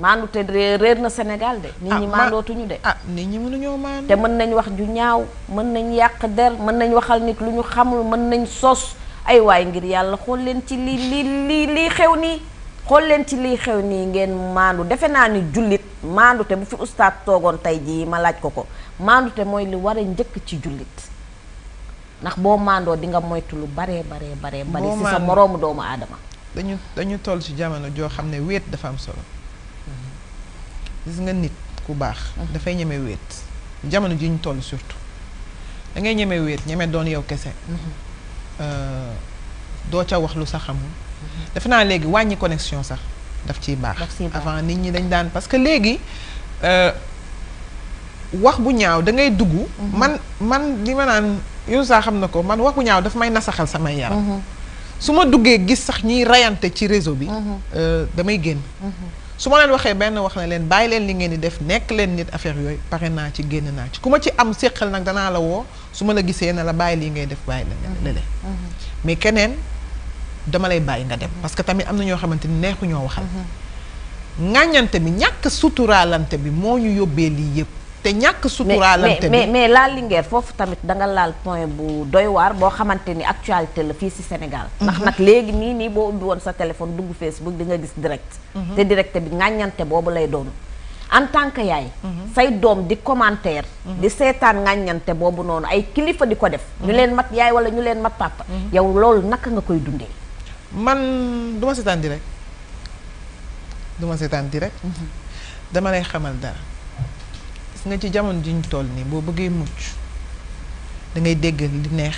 Speaker 1: maandu te réer na senegal de. nit ah, ñi maandootuñu de. ah nit ñi mënuñoo maandu. te mën nañ wax ju ñaaw mën nañ yàq der mën nañ waxal nit lu ñu xamul mën nañ soos ay waay ngir yàlla xool leen ci lii lii lii lii xew nii. xool leen ci lii xew nii ngeen maandu defe naa ni jullit maandu te bu fi ustaat toogoon tey jii ma laaj ko ko maandu te mooy li war a njëkk ci jullit ndax boo maandoo di nga moytu lu baree baree baree. bari ci sa moroomu doomu aadama.
Speaker 2: dañu toll ci jamono joo xam ne wéet dafa am solo. gis nga nit ku baax. dafay ñeme wéet jamono ji ñu toll surtout da ngay ñeme wéet ñeme doon yow kese. Euh, doo ca wax lu sax xamul. defe naa léegi wàññi connexion sax daf ciy baax. avant nit ñi dañ daan parce que léegi euh, wax bu ñaaw da ngay dugg. Mhm. man man li ma naan yow saa xam na ko man wax bu ñaaw daf may nasaxal samay yaram. Mhm. su ma duggee gis sax ñiy rayante ci réseau bi. Mhm. Euh, damay génn. su ma leen waxee benn wax na leen bàyyi leen li ngeen di def nekk leen nit affaire yooyu pare naa ci génn naa ci ku ma ci am séqal nag danaa la woo su ma la gisee na la bàyyi lii ngay def bàyyi la lële mm-hmm.
Speaker 4: mm-hmm.
Speaker 2: mais keneen dama lay bàyyi nga dem parce que tamit am na ñoo xamante ni neexu ñoo waxal mm-hmm. ŋàññante bi ñàkk suturaalante bi moo ñu yóbbee lii yëpp te ñàkk suturaalante mais
Speaker 1: mais la Linguère foofu tamit danga laal point bu doy waar boo xamante ni actualité la fii si Sénégal mhm. ndax nag léegi nii nii boo ubbi woon sa téléphone dugg Facebook di nga gis direct mhm. te direct bi ŋàññante boobu lay doon en tant que yaay mhm. say doom di commentaire di seetaan nga ŋàññante boobu noonu ay kilifa di ko def ñu leen mat yaay wala ñu leen mat papa yow loolu naka nga koy dundee man du ma seetaan direct
Speaker 2: du ma seetaan direct gis nga ci jamono ji ñu toll nii boo bëggee mucc dangay dégg li neex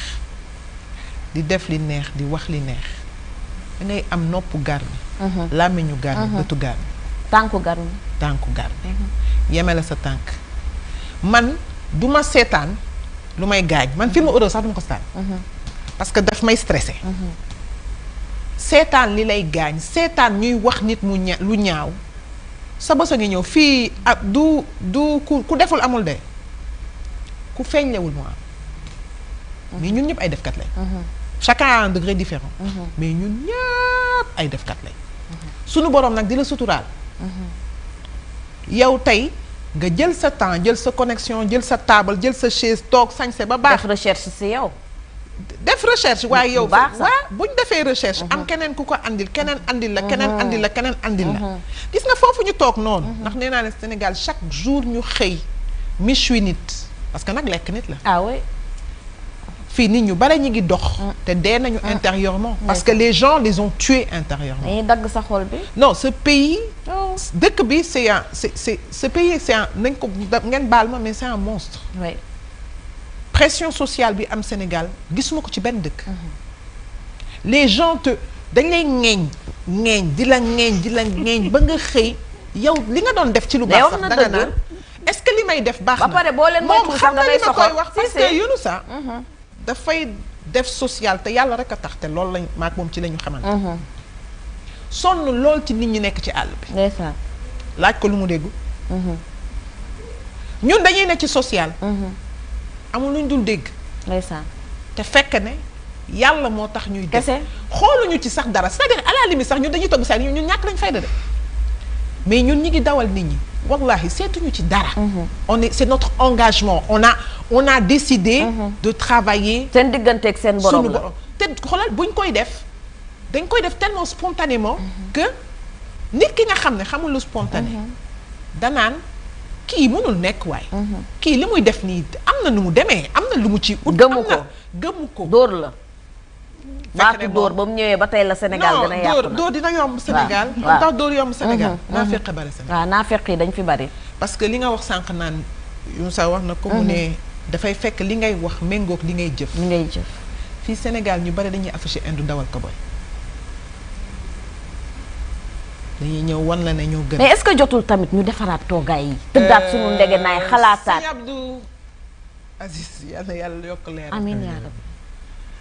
Speaker 2: di def li neex di wax li neex dangay am noppu garmi mhm. làmmiñu garmi mhm. bëtu garmi tànku garmi mhm. yeme la sa tànk man du ma seetaan lu may gaañ man film horreur sax du ko seetaan parce que daf may stressé seetaan li lay gaañ seetaan ñuy wax nit mu ña lu ñaaw sa bës ngi ñëw fii ak ah, du du ku ku deful amul de ku feeñlewul moo am. Mhm. mais ñun ñëpp ay defkat lañ. Mhm. chacun a un degré différent. Mhm. mais ñun
Speaker 4: ñëpp
Speaker 2: ay defkat lañ. sunu borom nag di la suturaal. yow tey nga jël sa temps jël sa connection jël sa table jël sa chaise toog sañse ba baax. def recherche si yow. def recherche waaye yow. baax sax waaw bu ñu defee recherche. am uh-huh. keneen ku ko andil keneen andil la. keneen uh-huh. andil la keneen andil la. Uh-huh. gis nga foofu ñu toog noonu. ndax nee naa ne Sénégal chaque jour ñu xëy méchoui nit parce que nag lekk nit la. ah fii nit ñu bare ñu ngi dox. te dee nañu intérieurement. parce que les gens les ont tués intérieurement.
Speaker 1: dañuy dagg sa xol
Speaker 2: bi. non ce pays. Oh. dëkk bi c' est un c' est ce pays c' est un nañ ko ngeen baal ma mais c' est un monstre. pression sociale bi am Sénégal gisuma ko ci benn dëkk. les gens te dañ lay ŋeeñ. ŋeeñ di la ŋeeñ di la ŋeeñ ba nga xëy yow li nga doon def ci lu baax sax danga naan est-ce que li may def baax na ba pare boo moom xam nga li ma koy wax parce que yoonu sax mhm. dafay def social te yàlla rek a tax te loolu lañ maak moom ci la ñu xamante mhm. sonn lool ci nit ñi nekk ci àll bi laaj ko lu mu dégg mhm. ñun dañuy nekk ci social amul lu ñu dul dégg. ndeysaan te fekk ne yàlla moo tax ñuy. def xooluñu ci sax dara c'est-à-dire à la sax ñu dañuy togg saa ñun ñàkk lañ fayda de mais ñun ñu ngi dawal nit ñi wallahi seetuñu ci dara. Mhm. on est c'est notre engagement on a on a décidé. Mhm. de travailler. seen digganteeg seen borom la te xoolal buñ koy def dañ koy def tellement spontanément mhm. que nit ki nga xam ne xamul lu spontané danaan. kii mënul nekk waay. Mhm. kii li muy def nii am na nu mu demee am na lu mu ci ut. gëmu ko gëmu ko dóor la.
Speaker 1: baatu dóor ba mu ñëwee ba tey la Sénégal gën a yàqu na dóor dina yomb Sénégal. waaw ndax
Speaker 2: dóor yomb Sénégal. Mhm, naa mhm. feqe bari Sénégal waaw naa feqe dañ fi bari. parce que li nga wax sànq naan Youssa wax na ko ne. dafay fekk li ngay wax méngoog li ngay jëf. li ngay jëf fii Sénégal ñu bari dañuy affiché indu dawal ko dañuy ñëw wan la
Speaker 1: ne ñoo gën. mais est-ce que jotul tamit ñu defaraat toogaay yi. tëddaat suñu euh, ndegee naay xalaataat sëñ
Speaker 2: Abdou Aziz yal na yokk leer. amiin yaa rabbi.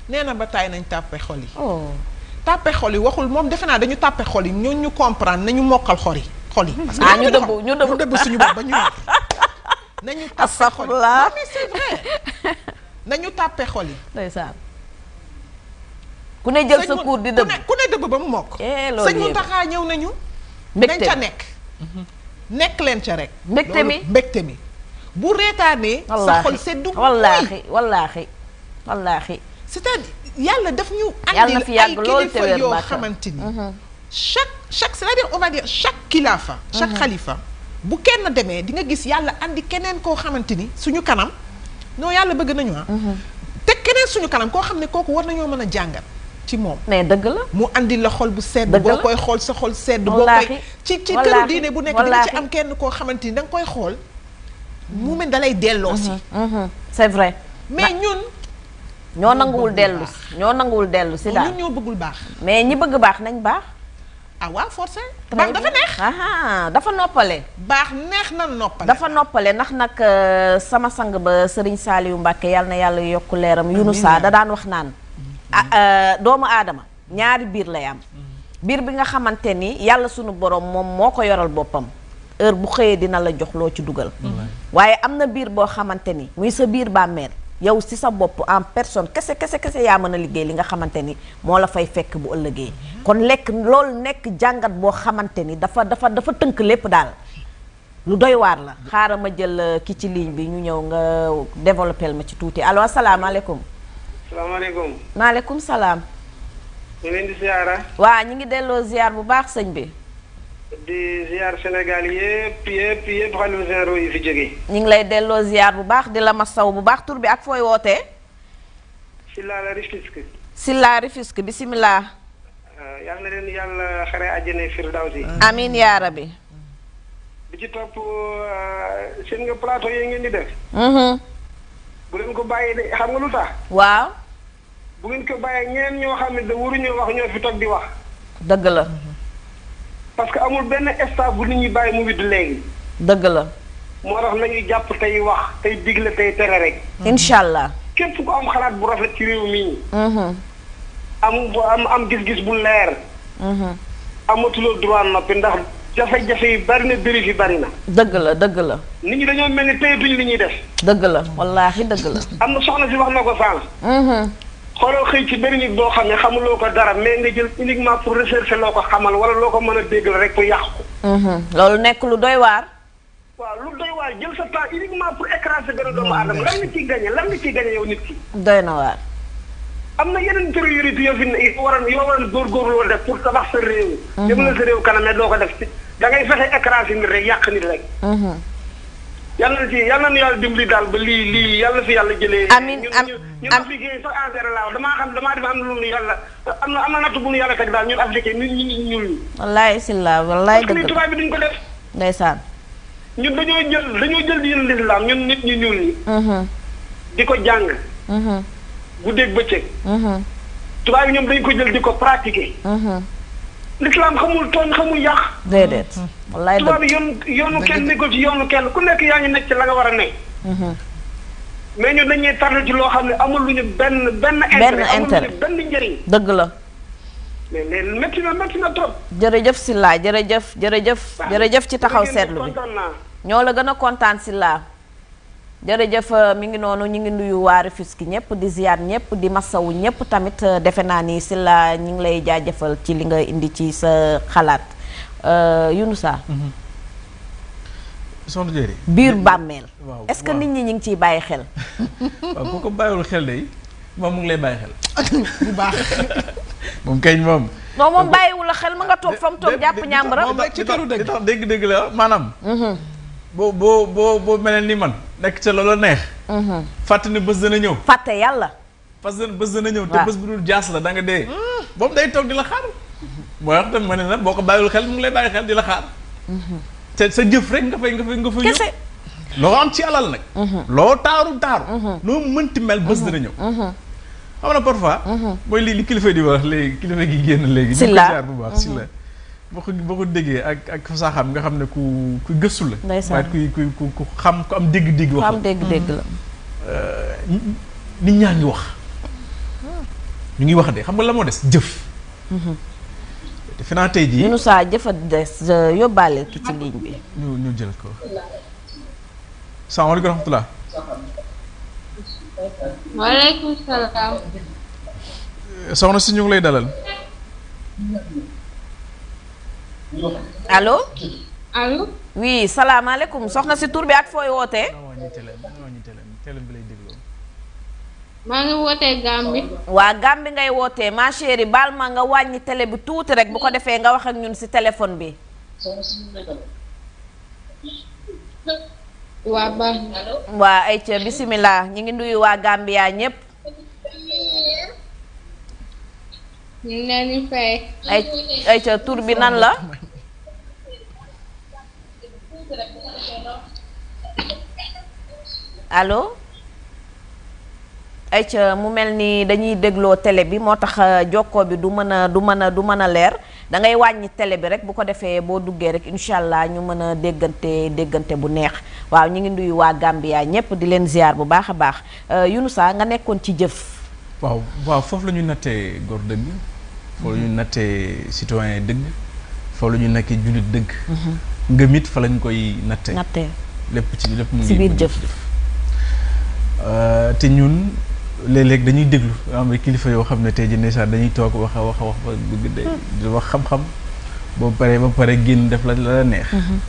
Speaker 2: nee na ba tàyyi nañ tàppee xol yi. oh tàppe xol yi waxul moom defe naa dañu tàppe xol yi ñooñu ñu comprendre nañu mokkal xol yi. xol yi parce que ah ñu dëbbu ñu dëbbu ñu dëbbu suñu bopp ba ñu. *laughs* nañu tàppe xol yi astaxfirullah mais c'est vrai *laughs* nañu tàppee xol yi. ku ne jël sa cours di dëbb ku ne dëbb ba mu mokk. Eh, loolu sëñ Mountakha ñëw nañu.
Speaker 4: mbégte nañ ca nekk.
Speaker 1: nekk leen ca rek. mbégte mi mbégte mi. bu reetaanee. sa xol seddu wallaahi wallaahi wallaahi. c'est-à-dire yàlla daf ñu.
Speaker 2: yàlla na fi yàgg yoo xamante ni. Mm-hmm. chaque chaque c'est-à-dire on chaque kilaafa. Mm-hmm. chaque xalifa. bu kenn demee di nga gis yàlla andi keneen koo xamante ni suñu kanam. non yàlla bëgg nañu ah. Mm-hmm. te keneen suñu kanam koo xam ne kooku war nañoo mën a jàngat. ci moom mais dëgg la. mu indi la xol bu sedd. boo koy xool sa xol sedd. boo koy ci ci këru diine bu nekk dina ci am
Speaker 1: kenn koo xamante ni da koy xool. mu mel da lay delloo si. Mm-hmm. Mm-hmm. c'est vrai. mais ñun. ñoo nanguwul dellu ñoo nanguwul dellu si daal ñun ñoo bëggul baax. mais ñi bëgg baax nañ baax. ah waaw dafa neex. Ah, dafa noppale. baax neex na noppale. dafa noppale ndax nag euh, sama sang ba Serigne Saliou Mbacke yàlla na yàlla yokk leeram. Yunusa da daan wax naan. Ah, euh, doomu aadama ñaari biir lay am biir bi nga xamante ni yàlla sunu borom moom moo ko yoral boppam heure bu xëyee dina la jox loo ci dugal waaye am na biir boo xamante ni muy sa biir bàmmeel yow si sa bopp en personne kese kese kese yaa mën a liggéey li nga xamante ni moo la fay fekk bu ëllëgee kon lekk loolu nekk jàngat boo xamante ni dafa dafa dafa tënk lépp daal lu doy waar la xaaral ma jël euh, ki ci ligne bi ñu ñëw nga développé ma ci tuuti allo asalaamaaleykum salaamaaleykum. maaleykum salaam.
Speaker 6: ñu leen di ziara.
Speaker 1: waa ñu ngi delloo ziar bu baax sëñ bi.
Speaker 6: di ziar Sénégal yépp yépp yépp xalifa généraux fi jóge.
Speaker 1: ñu ngi lay delloo ziar bu baax di la saw bu baax tur bi ak fooy wootee.
Speaker 6: Silla la Rufisque.
Speaker 1: Silla Rufisque bisimilah.
Speaker 6: Euh, yal na leen yàlla xare àjjana firdawsi. amiin yaa rabbi. bi ci topp euh, seen nga plateau yi ngeen di def. Mm-hmm. bu leen ko bàyyi de xam nga lu tax. waaw. bu ngeen ko bàyyee ñeen ñoo xam ne da waruñoo wax ñoo fi toog di wax. dëgg la. parce que amul benn staff bu nit ñi bàyyi mu witt léegi. dëgg la. moo tax nañuy jàpp tey wax tey digle tey tere rek. Mhm. incha allah. képp ku am xalaat bu rafet ci réew mii mhm. am am am gis-gis bu leer. Mhm. amatuloo droit noppi ndax jafe-jafe yi bari na dérive yi bari na. dëgg la dëgg la. nit ñi dañoo mel ni tey duñ li ñuy def. dëgg la wallaahi dëgg la. am na soxna si wax na ko sànq. xoolal xëy ci benn nit boo xam ne xamuloo ko dara mais nga jël uniquement pour rechercher loo ko xamal wala loo ko mën a déggal rek pour yàq ko. Mhm. loolu nekk lu doy waar. waaw lu doy waar jël sa temps uniquement pour écraser benn ma aadama lan nga ciy gagné lan nga ciy gagné yow nit ki. doy na waar. am na yeneen priorité yoo fi ne yoo waroon góor waroon góorgóorloo def pour tabax sa réew. dem mhm. na sa réew kanam doo ko def ci da ngay fexe écraser nit rek yàq nit mhm. yàlla na ci yàlla na daal ba lii lii yàlla fi yàlla jëlee. amiin am ñun ñun africain sax en général damaa xam damaa def am na lu ñu yàlla am na am na natt bu ñu yàlla teg daal ñu africain nit ñu ñun ñi.
Speaker 1: wallaay silla wallaay dëgg la bi duñ ko def. ndeysaan.
Speaker 6: ñun dañoo jël dañoo jël diine lislaam ñu nit ñu ñuul ñi. Mm-hmm. di ko jàng. Mm-hmm. guddeeg bëccëg. Mm-hmm. tubaab yi ñoom dañ ko jël di ko pratiquer. lislaam xamul toon xamul yàq. déedéet. wallaay dëgg tubaab yi yoon yoonu kenn nekkul ci yoonu kenn ku nekk yaa ngi nekk ci la nga war a nekk. Mhm. mais ñun dañuy tardé ci loo xam ne amul lu ñu benn benn. intérêt dëgg la. mais léegi
Speaker 1: jërëjëf Sylla jërëjëf jërëjëf. jërëjëf ci taxaw seetlu bi ñoo la gën a kontaan Sylla. jërëjëf euh, mi ngi noonu ñu ngi nuyu waa Rufisque ñëpp di ziar ñëpp di masawu ñëpp tamit euh, defe naa ni Sylla ñu ngi lay jaajëfal ci li nga indi ci sa xalaat. Euh, Younousa.
Speaker 3: Mm-hmm. soxna Diéry
Speaker 1: biir bàmmeel. waaw est-ce que nit ñi ñu ngi ciy bàyyi
Speaker 3: xel. *laughs* waaw ko bàyyiwul xel de moom mu ngi lay bàyyi xel. *laughs* bu baax. *laughs* moom kañ moom.
Speaker 1: non moom bàyyiwul la xel ma nga toog fa mu
Speaker 3: toog jàpp ñàmbara. moom ci këru dëgg dégg-dégg la maanaam. Mm-hmm. boo boo boo boo mel ni man. nekk ca loola neex. Mm-hmm. fàtte ne bés dana ñëw. fàtte yàlla. parce que bés dana ñëw. te bës bu dul jaas la danga nga dee. Mm. moom day toog di la xaar. mooy wax tam ma ne la boo ko bàyyiwul xel mu ngi lay bàyyi xel di la xaar. Mhm. sa jëf rek nga fay nga fay nga fay. kese loo am ci alal nag. Mhm. loo taaru taaru. noo mhm. mënti mel bés dina ñëw. xam na parfois. mooy li li kilifa di wax léegi kilifa gi génn léegi. si la bu baax si la. ko déggee ak saa xam nga xam ne ku ku gëstu la. ndeysaan kuy kuy ku ku xam ku am dégg-dégg. wax la dégg-dégg la. Euh, nit ñaa ngi wax. ñu ngi wax de xam nga la moo des jëf. defe naa tey jii. Yunusa
Speaker 1: jëfa des euh, yóbbaale
Speaker 3: ki ci ligne bi. ñu ñu jël ko. salaamaaleykum wa rahmatulah.
Speaker 1: waaleykum salaam.
Speaker 3: Euh, soxna si ñu ngi lay dalal.
Speaker 1: allo. allo. oui salaamaaleykum soxna si tur bi ak fooy wootee. maa ngi wootee Gambi. waa Gambi ngay wootee ma chérie baal ma nga wàññi télé bi tuuti rek bu ko defee nga wax ak ñun ci téléphone bi. waa baax na. waa ayca ñu ngi nuyu waa Gambia ñépp.
Speaker 6: ñu ay tur bi nan la. allo.
Speaker 1: ayca mu mel ni dañuy dégloo télé bi moo tax euh, jokkoo bi du mën a du mën a du mën a leer dangay wàññi télé bi rek bu ko defee boo duggee rek incha allah ñu mën a déggante déggante bu neex waaw ñu ngi nuyu waa Gambia ñëpp di leen ziar bu baax a baax euh, Younoussa nga nekkoon ci jëf.
Speaker 3: waaw waaw foofu lañuy ñu nattee góor dëgg. foofu la ñu nattee citoyen dëgg. foofu la ñu nekkee jullit dëgg. Mhm. ngëm fa lañ koy nattee. nattee lépp ci lépp mu ngi. si biir jëf euh, te ñun. léeg dañuy déglu am ay kilifa yoo xam ne tey ji ndeysaan dañuy toog wax a wax a wax ba bëgg de wax xam-xam ba pare ba pare génn def la la neex. Mhm.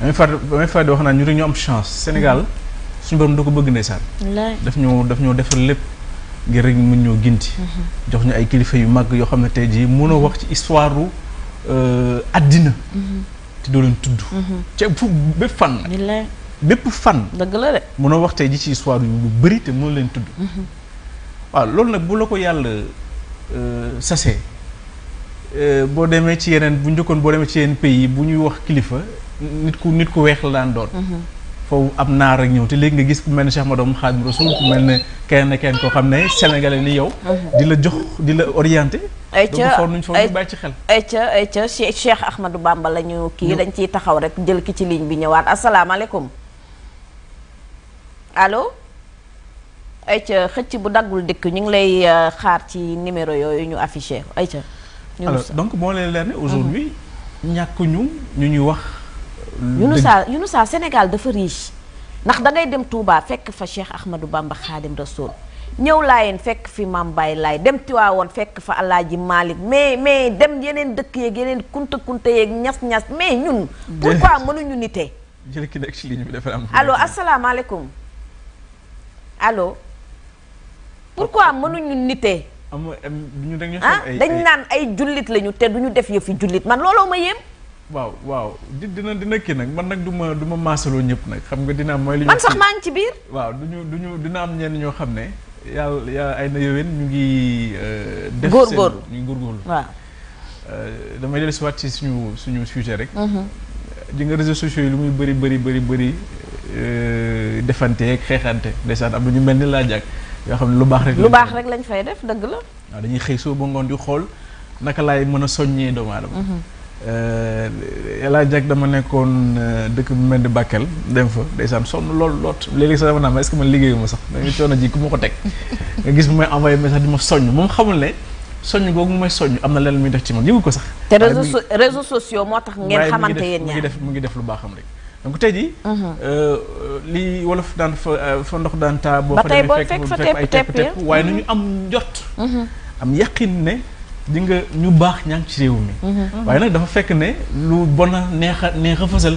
Speaker 3: damay far damay far di wax naan ñu ne ñu am chance Sénégal mhm. suñu borom du ko bëgg ndeysaan. daf ñoo daf defal lépp ngir rek mun ñoo ginti. Mhm. jox ñu ay kilifa yu mag yoo xam ne tey jii mënoo wax ci histoire ru euh, àddina. te doo leen tudd. bépp fan. bépp fan. dëgg la de. mënoo wax tey ji ci histoire yu bëri te mënoo leen tudd. waaw loolu nag bu la ko yàlla euh, sasee euh, boo demee ci yeneen bu njëkkoon boo demee ci yeneen pays bu ñuy wax kilifa nit ku nit ku weex la daan doon. Mm-hmm. foofu am naar ak ñëw te léegi nga gis ku mel ne Cheikh Madom Xaadim Rasul ku mel ne kenn kenn koo xam ne sénégalais ni yow. Mm-hmm. di la jox di la orienté.
Speaker 1: ayca ayca ayca Cheikh Ahmadou Bamba la ñu kii dañ ciy taxaw rek jël ki ci ligne bi ñëwaat asalaamaaleykum allo. ay ca xëcc bu daggul dikk ñu ngi lay euh, xaar ci numéro yooyu ñu affiché ayca.
Speaker 3: alors donc moo leen leer ne aujourd'hui mhm. ñàkk ñu ñu ñuy wax. Yunusa
Speaker 1: Yunusa Sénégal dafa riche ndax da dem Touba fekk fa Cheikh Ahmadou Bamba Khadim Rasoul ñëw laayeen fekk fi Maam bàyyi Laay dem Tiwaawoon fekk fa ji Maalik mais mais dem yeneen dëkk yeeg yeneen kunta kunta yeeg ñas-ñas mais ñun. pourquoi mënuñu nitee.
Speaker 3: jërëjëf ki nekk ci ligne bi dafa
Speaker 1: allo. pourquoi mënuñu nitee.
Speaker 3: ñu dañu ah, dañ naan
Speaker 1: ay jullit lañu te duñu def yëfi jullit man looloo ma yéem.
Speaker 3: waaw waaw di dina dina kii nag man nag du ma du ma maasaloo ñëpp nag xam nga dina am mooy. li ñu man sax maa ngi ci biir. waaw duñu dina am ñenn ñoo xam ne yaa yàlla ay na yowin ñu ngi. Euh, def seen ñu góorgóorlu waaw. Euh, damay dellu si waat si suñu suñu sujet rek. Mhm. di nga réseaux sociaux yi lu muy bëri bëri bëri bëri euh, defante ak xeexante ndeysaan am na ñu mel ni laa jàkk yoo xam ne lu baax rek. lu baax
Speaker 1: rek lañ fay def dëgg la.
Speaker 3: waaw dañuy xëy soo ba ngoon di xool naka laay mën a soññee doomu aadama. Mhm. Euh, El Hadj Diak dama nekkoon euh, dëkk bu mel ni Bakel dem fa ndeysaan sonn lool lool léeg-léeg sax dama naan ma est-ce que liggéeyuma sax da coono ji ku ko teg *laughs* nga gis bu may envoyé message di ma soññ moom xamul ne. soññ googu mooy soññ am na leneen muy def ci man yëgu ko sax. te réseaux
Speaker 1: réseaux sociaux moo tax. ngeen xamante yéen mu ngi def
Speaker 3: mu ngi def lu donc tey jii. Mhm. Euh, li wolof daan fa euh, fa ndox daan taa. boo fa demee fekk fa tepp tepp tepp waaye mhm. na ñu am njot. Mhm. am yaqin ne di nga ñu baax ñaa ngi ci réew mi. waaye nag dafa fekk ne lu bon a neex a neex a fësal.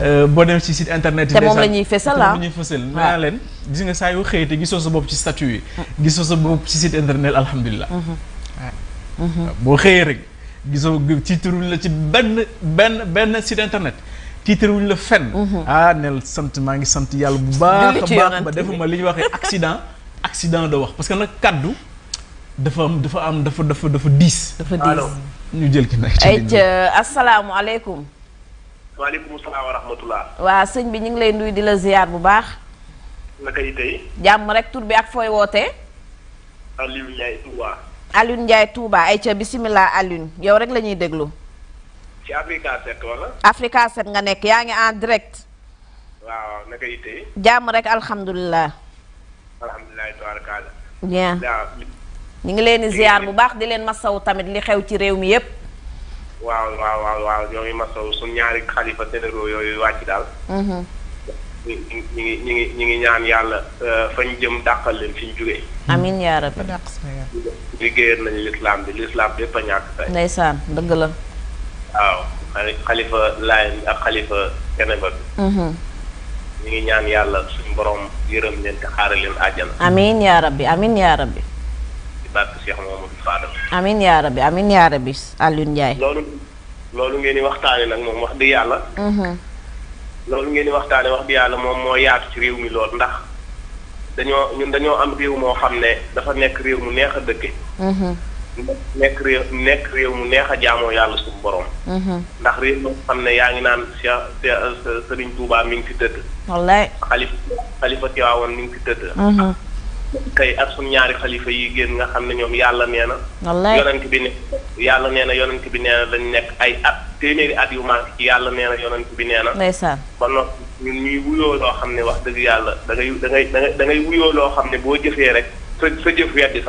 Speaker 3: Euh, boo dem ci internet yi. te moom la ñuy fësal ah ñuy fësal leen. gis nga saa yoo xëyee te gisoo sa bopp ci statut yi. Mm. gisoo sa bopp ci site internet alhamdulilah. waaw boo xëyee rek gisoo ci turu la ci benn benn benn site internet. titre wuñ la fenn. Mhm. ah nel sant maa ngi sant yàlla bu baax a baax ba defuma li ñuy waxee *laughs* accident accident de wax parce que nag kàddu dafa am dafa am dafa dafa dafa diis. dafa diis ñu jël ki nag. ci ligne bi
Speaker 1: euh, waa sëñ bi ñu ngi lay nuyu di la ziar bu baax. jàmm rek tur bi ak fooy woote
Speaker 7: Aliou Ndiaye Touba.
Speaker 1: Aliou Ndiaye Touba ay ca bisimilah alline yow rek lañuy déglu.
Speaker 7: ci Africa 7 wala.
Speaker 1: Africa 7 nga nekk yaa ngi en direct.
Speaker 7: waaw naka yitte. jàmm rek
Speaker 1: alhamdulilah.
Speaker 7: alhamdulilah tabaarakaala. bien. ñu ngi leen di ziar bu baax di leen
Speaker 1: masaw tamit li xew ci réew mi yépp
Speaker 7: waaw waaw waaw waaw ñoo ngi masaw suñ ñaari xalifa généraux yooyu wàcc daal. Mhm. ñu ngi ñu ngi ñu ñaan yàlla euh, fañ jëm dàqal leen fi ñu jógee.
Speaker 1: amiin yaa rabbi.
Speaker 7: liggéeyal nañu lislaam bi lislaam bépp a ñàkk tey. ndeysaan dëgg la. waaw xalifa laay ak xalifa Sénégal mm-hmm. ñu ngi ñaan yàlla suñu borom yërëm leen te xaaral leen àjjana amin
Speaker 1: yaa rabbi amin yaa rabbi
Speaker 7: di bàkk Cheikh Mamadou Fadal
Speaker 1: amin yaa
Speaker 7: loolu loolu ngeen di waxtaane nag moom wax dëgg yàlla mm-hmm. loolu ngeen di waxtaane wax dëgg yàlla moom moo yaatu ci réew mi lool ndax dañoo dañoo am réew moo xam ne dafa nekk réew mu neex a dëkke mm-hmm. nekk réew mu neex a jaamoo yàlla suñu borom. Mhm. ndax réew moo xam ne yaa ngi naan sa Sëriñ Tuubaa mi ngi ci tëdd. wallaay xalif xalifa Tiwaawan mi ngi ci tëdd. Mhm. tey ak suñ ñaari xalifa yi génn nga xam ne ñoom yàlla nee yonent bi ne yàlla nee yonent bi nee na nekk ay at téeméeri at yu mag ci yàlla nee yonent bi nee na. ndeysaan ba no ñuy wuyoo loo xam ne wax dëgg yàlla da ngay da ngay da wuyoo loo xam ne boo jëfee rek sa sa jëf weddi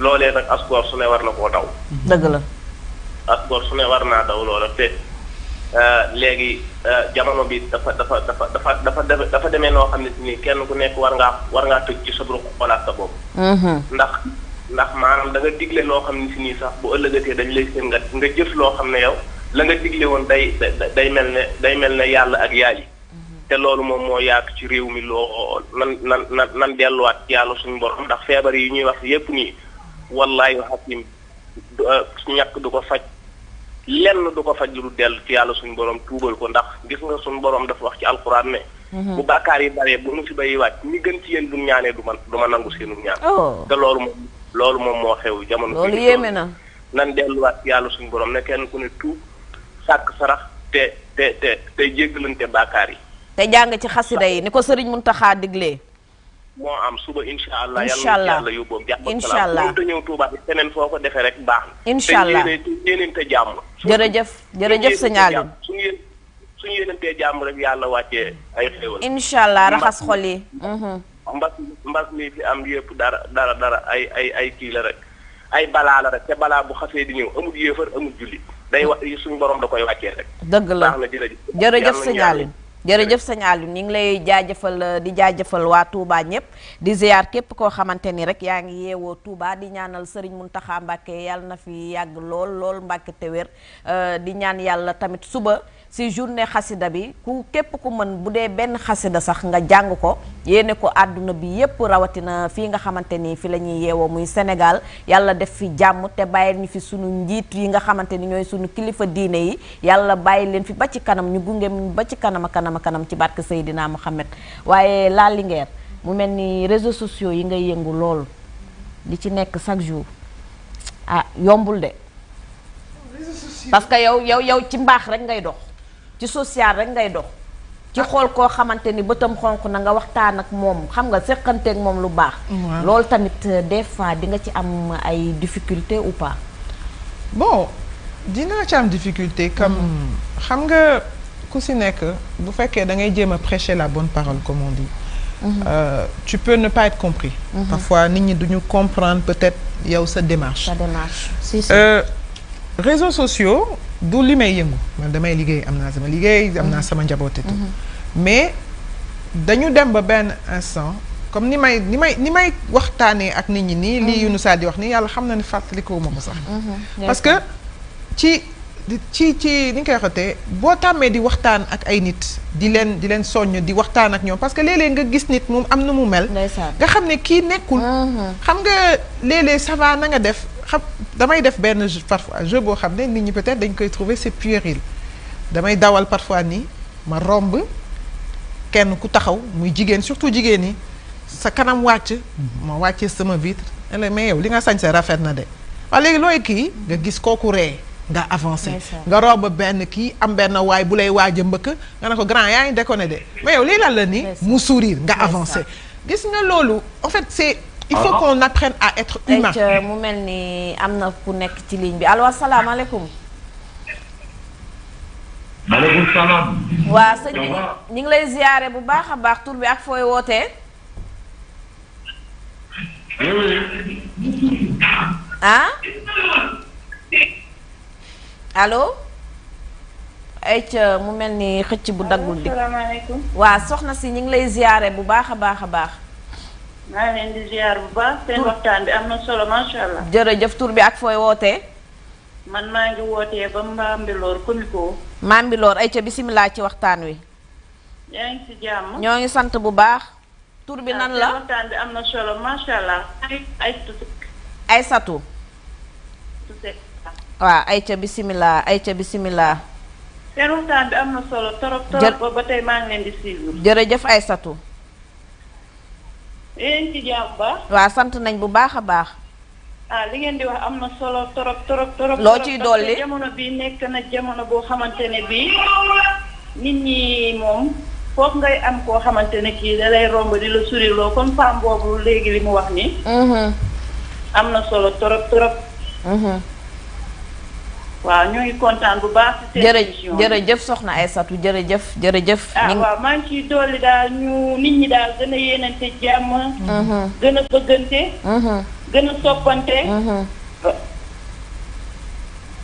Speaker 7: loolee nag as góor su ne war na koo daw. dëgg la. as góor su ne war naa daw loola te euh, léegi euh, jamono bi dafa dafa dafa dafa dafa dafa demee noo xam ne si nii kenn ku nekk war ngaa war ngaa tëj ci sa bopp xoolaat sa bopp. Mhm. ndax ndax maanaam da digle loo xam ne si nii sax bu ëllëgatee dañ lay seen nga nga jëf loo xam ne yow la nga digle woon day day mel ne day mel ne yàlla ak yàlla mhm. te loolu moom moo yaatu ci réew mi loo nan nan nan delluwaat yàlla suñu borom ndax feebar yi ñuy wax yépp nii. wallaayu xakim euh, ñàkk du ko faj lenn du ko faj lu dellu ci yàlla suñu borom tuubal ko ndax gis nga suñu borom dafa wax ci alxuraan ne. Mhm. bu bàkkaar yi ba bu musiba yi wàcc ñi gën ci yéen bu ñaanee du man du ma nangu seenu ñaan. Oh. te loolu moom loolu moom moo xew jamono. loolu yéeme na nan delluwaat yàlla suñ borom ne kenn ku ne tuub sàkk sarax te te te te jéggalante bàkkaar yi.
Speaker 1: te jàng ci xasida yi ni ko Serigne taxaa diglee.
Speaker 7: moo am suba incha allah incha allah yàlla yóbbu ak jàpp ak salaam incha allah ñëw Touba feneen foo ko defee rek baax na. incha allah te yéeneente jàmm.
Speaker 1: jërëjëf jërëjëf sëñ Alioune
Speaker 7: suñu yéen suñu yéeneentee jàmm rek yàlla wàccee ay xéwal. incha allah raxas xol
Speaker 1: yi. Mhm.
Speaker 7: mbas mbas mi fi am yëpp dara dara dara ay ay ay kii la rek ay balaa la rek te balaa bu xasee di ñëw amul yéefar amul jullit day wa suñu borom da koy wàccee rek. dëgg la baax na jërëjëf jërëjëf sëñ
Speaker 1: jërëjëf sëñ Aliou ñu ngi lay jëfal euh, di jaajëfal waa tuubaa ñëpp di ziar képp koo xamante ni rek yaa ngi yeewoo Touba di ñaanal Serigne Mountakha Mbacké yàlla na fi yàgg lool lool Mbacké te wér euh, di ñaan yàlla tamit suba ci journée xasida bi ku képp ku mën bu dee benn xasida sax nga jàng ko yéene ko àdduna bi yépp rawatina fii nga xamante ni fi la ñuy yeewoo muy Sénégal yàlla def fi jàmm te bàyyi ñu fi suñu njiit yi nga xamante ni ñooy suñu kilifa diine yi yàlla bàyyi leen fi ba ci kanam ñu gungeem ba ci kanam a kanam a kanam ci barke dina Mohamed waaye laa lingeer mu mel ni réseau sociaux yi ngay yëngu loolu li ci nekk chaque jour ah yombul de parce que yow yow yow ci mbaax rek ngay dox ci social rek ngay dox ci xool koo xamante ni bëtam xonq na nga waxtaan ak moom xam nga seqanteeg moom lu baax loolu tamit euh, des fois di nga ci am ay difficulté ou pas
Speaker 2: bon dinaa ci am difficulté comme hmm. xam nga ku si nekk bu fekkee da ngay jéem a prêcher la bonne parole comme on dit hmm. Euh, tu peux ne pas être compris. Hmm. parfois nit ñi duñu comprendre peut-être yow sa démarche. sa démarche si si. Euh, réseaux sociaux du li may yëngu man damay liggéey am naa sama liggéey am naa sama njaboote et mhm. mais dañu dem ba benn instant comme ni may ni may ni may waxtaanee ak nit ñi nii lii mhm. Younouss Sadd di wax nii yàlla xam na ne fàttalikoo ma ko
Speaker 4: sax mhm, parce que
Speaker 2: ci ci ci ni nga koy waxatee boo tàmmee di waxtaan ak ay nit di leen di leen soññ di waxtaan ak ñoom parce que léeg nga gis nit moom am na mu mel nga xam ne kii nekkul xam nga léeg-léeg ça na nga def xam damay def benn parfois jeu boo xam ne nit ñi peut-être dañ koy trouver c'est puéril damay dawal parfois nii ma romb kenn ku taxaw muy jigéen surtout jigéen ñi sa kanam wàcc mhm. ma wàccee sama vitre mais yow li nga sañse rafet na de waaye looy kii nga gis kooku ree nga avancé nga romb benn kii am benn waay bu lay waaj a mbëkk nga ne ko grand yaa ngi déconné de mais yow lii lan la nii mu sourire nga avancé gis
Speaker 1: nga loolu en fait c'est il faut ah. qu'on apprenne à être humain mu mel ni am na ku nekk ci ligne bi alo asalaamaaleykum.
Speaker 4: maaleykum salaam. waa sëñ bi
Speaker 1: ñu ngi lay ziyaare bu baax a baax tur bi ak fooy wootee. ah. allo. ayca mu mel ni xëcc bu daggul dikk. waaw soxna si ñu ngi lay ziyaare bu baax a baax a baax.
Speaker 8: maa leen bu baax. seen waxtaan bi am na solo macha allah.
Speaker 1: jërëjëf tur bi ak fooy wootee.
Speaker 8: man maa ngi wootee ba Mbambilor Komiko.
Speaker 1: Mbambilor ay ca bisimilah ci waxtaan wi.
Speaker 8: yaa ñoo ngi
Speaker 1: sant bu baax.
Speaker 8: tur bi ah, nan la ah bi am na solo macha allah. ay
Speaker 1: ay satu. waaw ay ca bisimilah ay ca bisimilah.
Speaker 8: seen bi am na solo torop torop ba tey maa ngi leen di
Speaker 1: jërëjëf ay satu.
Speaker 8: yéen ci jàmm
Speaker 1: baax. sant nañ bu baax a baax.
Speaker 8: Ah, li ngeen di wax am na solo torop torop torop. loo ciy li jamono bi nekk na jamono boo xamante ne bii nit ñi moom foog ngay am koo xamante ne kii da lay di la suriloo kon femme boobu léegi li mu wax nii. Mm-hmm. am na solo torop torop. Mm-hmm. waaw ñoo ngi kontaan bu baax. ci seen émission jërëjëf
Speaker 1: soxna Aysatu jërëjëf jërëjëf. ah waaw
Speaker 8: maa ngi ciy dolli daal ñu nit ñi daal gën a yéenante jàmm. Mm-hmm. gën a bëggante. Mm-hmm. gën a soppante. Mm-hmm.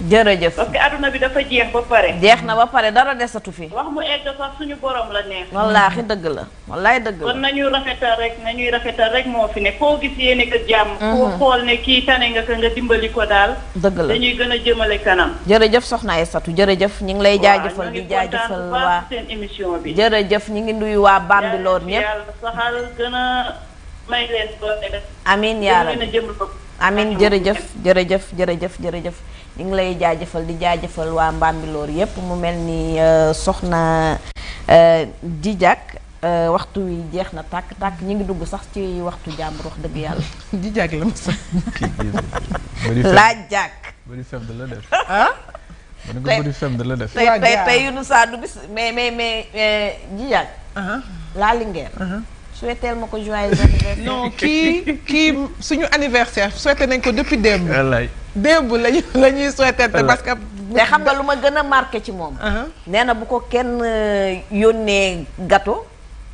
Speaker 8: jërëjëf parce que adduna bi dafa jeex ba pare. jeex na ba pare dara desatu fii wax mu egg sax suñu borom la neex. wallaahi dëgg
Speaker 1: la wallaahi dëgg la. kon nañuy
Speaker 8: rafetal rek nañuy rafetal rek moo fi ne koo gis yéene ko jàmm. Mhm. koo xool ne kii tane nga ko nga dimbali ko daal. dëgg la dañuy gën a jëmale kanam.
Speaker 1: jërëjëf soxna Aysatu jërëjëf ñu ngi lay jaajëfal di jaajëfal waa
Speaker 8: seen émission bi. jërëjëf
Speaker 1: ñu ngi nuyu waa Bambilor ñëpp. yàlla
Speaker 8: saxal gën a may leen amiin yàlla
Speaker 1: amiin jërëjëf jërëjëf jërëjëf jërëjëf ñu ngi lay jaajëfal di jaajëfal waa Mbambilor yépp mu mel ni euh, soxna euh, Dijak euh, waxtu wi jeex na tàkk tàkk ñu ngi dugg sax ci waxtu jàmbur wax dëgg yàlla.
Speaker 3: *laughs* Dijak la ma sax. laaj jàkk. bëri fem da la def. ah. mën fem la def. tey tey
Speaker 1: tey Younoussa du bis mais mais mais Dijak. Uh-huh. laa lingeer uh-huh. souhaité ma ko joyeux
Speaker 2: anniversaire. kii suñu anniversaire souhaité nañ ko depuis démb. wallaay démb
Speaker 1: lañu la ñuy souhaité parce que. te xam nga lu ma gën a marqué ci moom. Uh-huh. nee na bu ko kenn euh, yónnee gato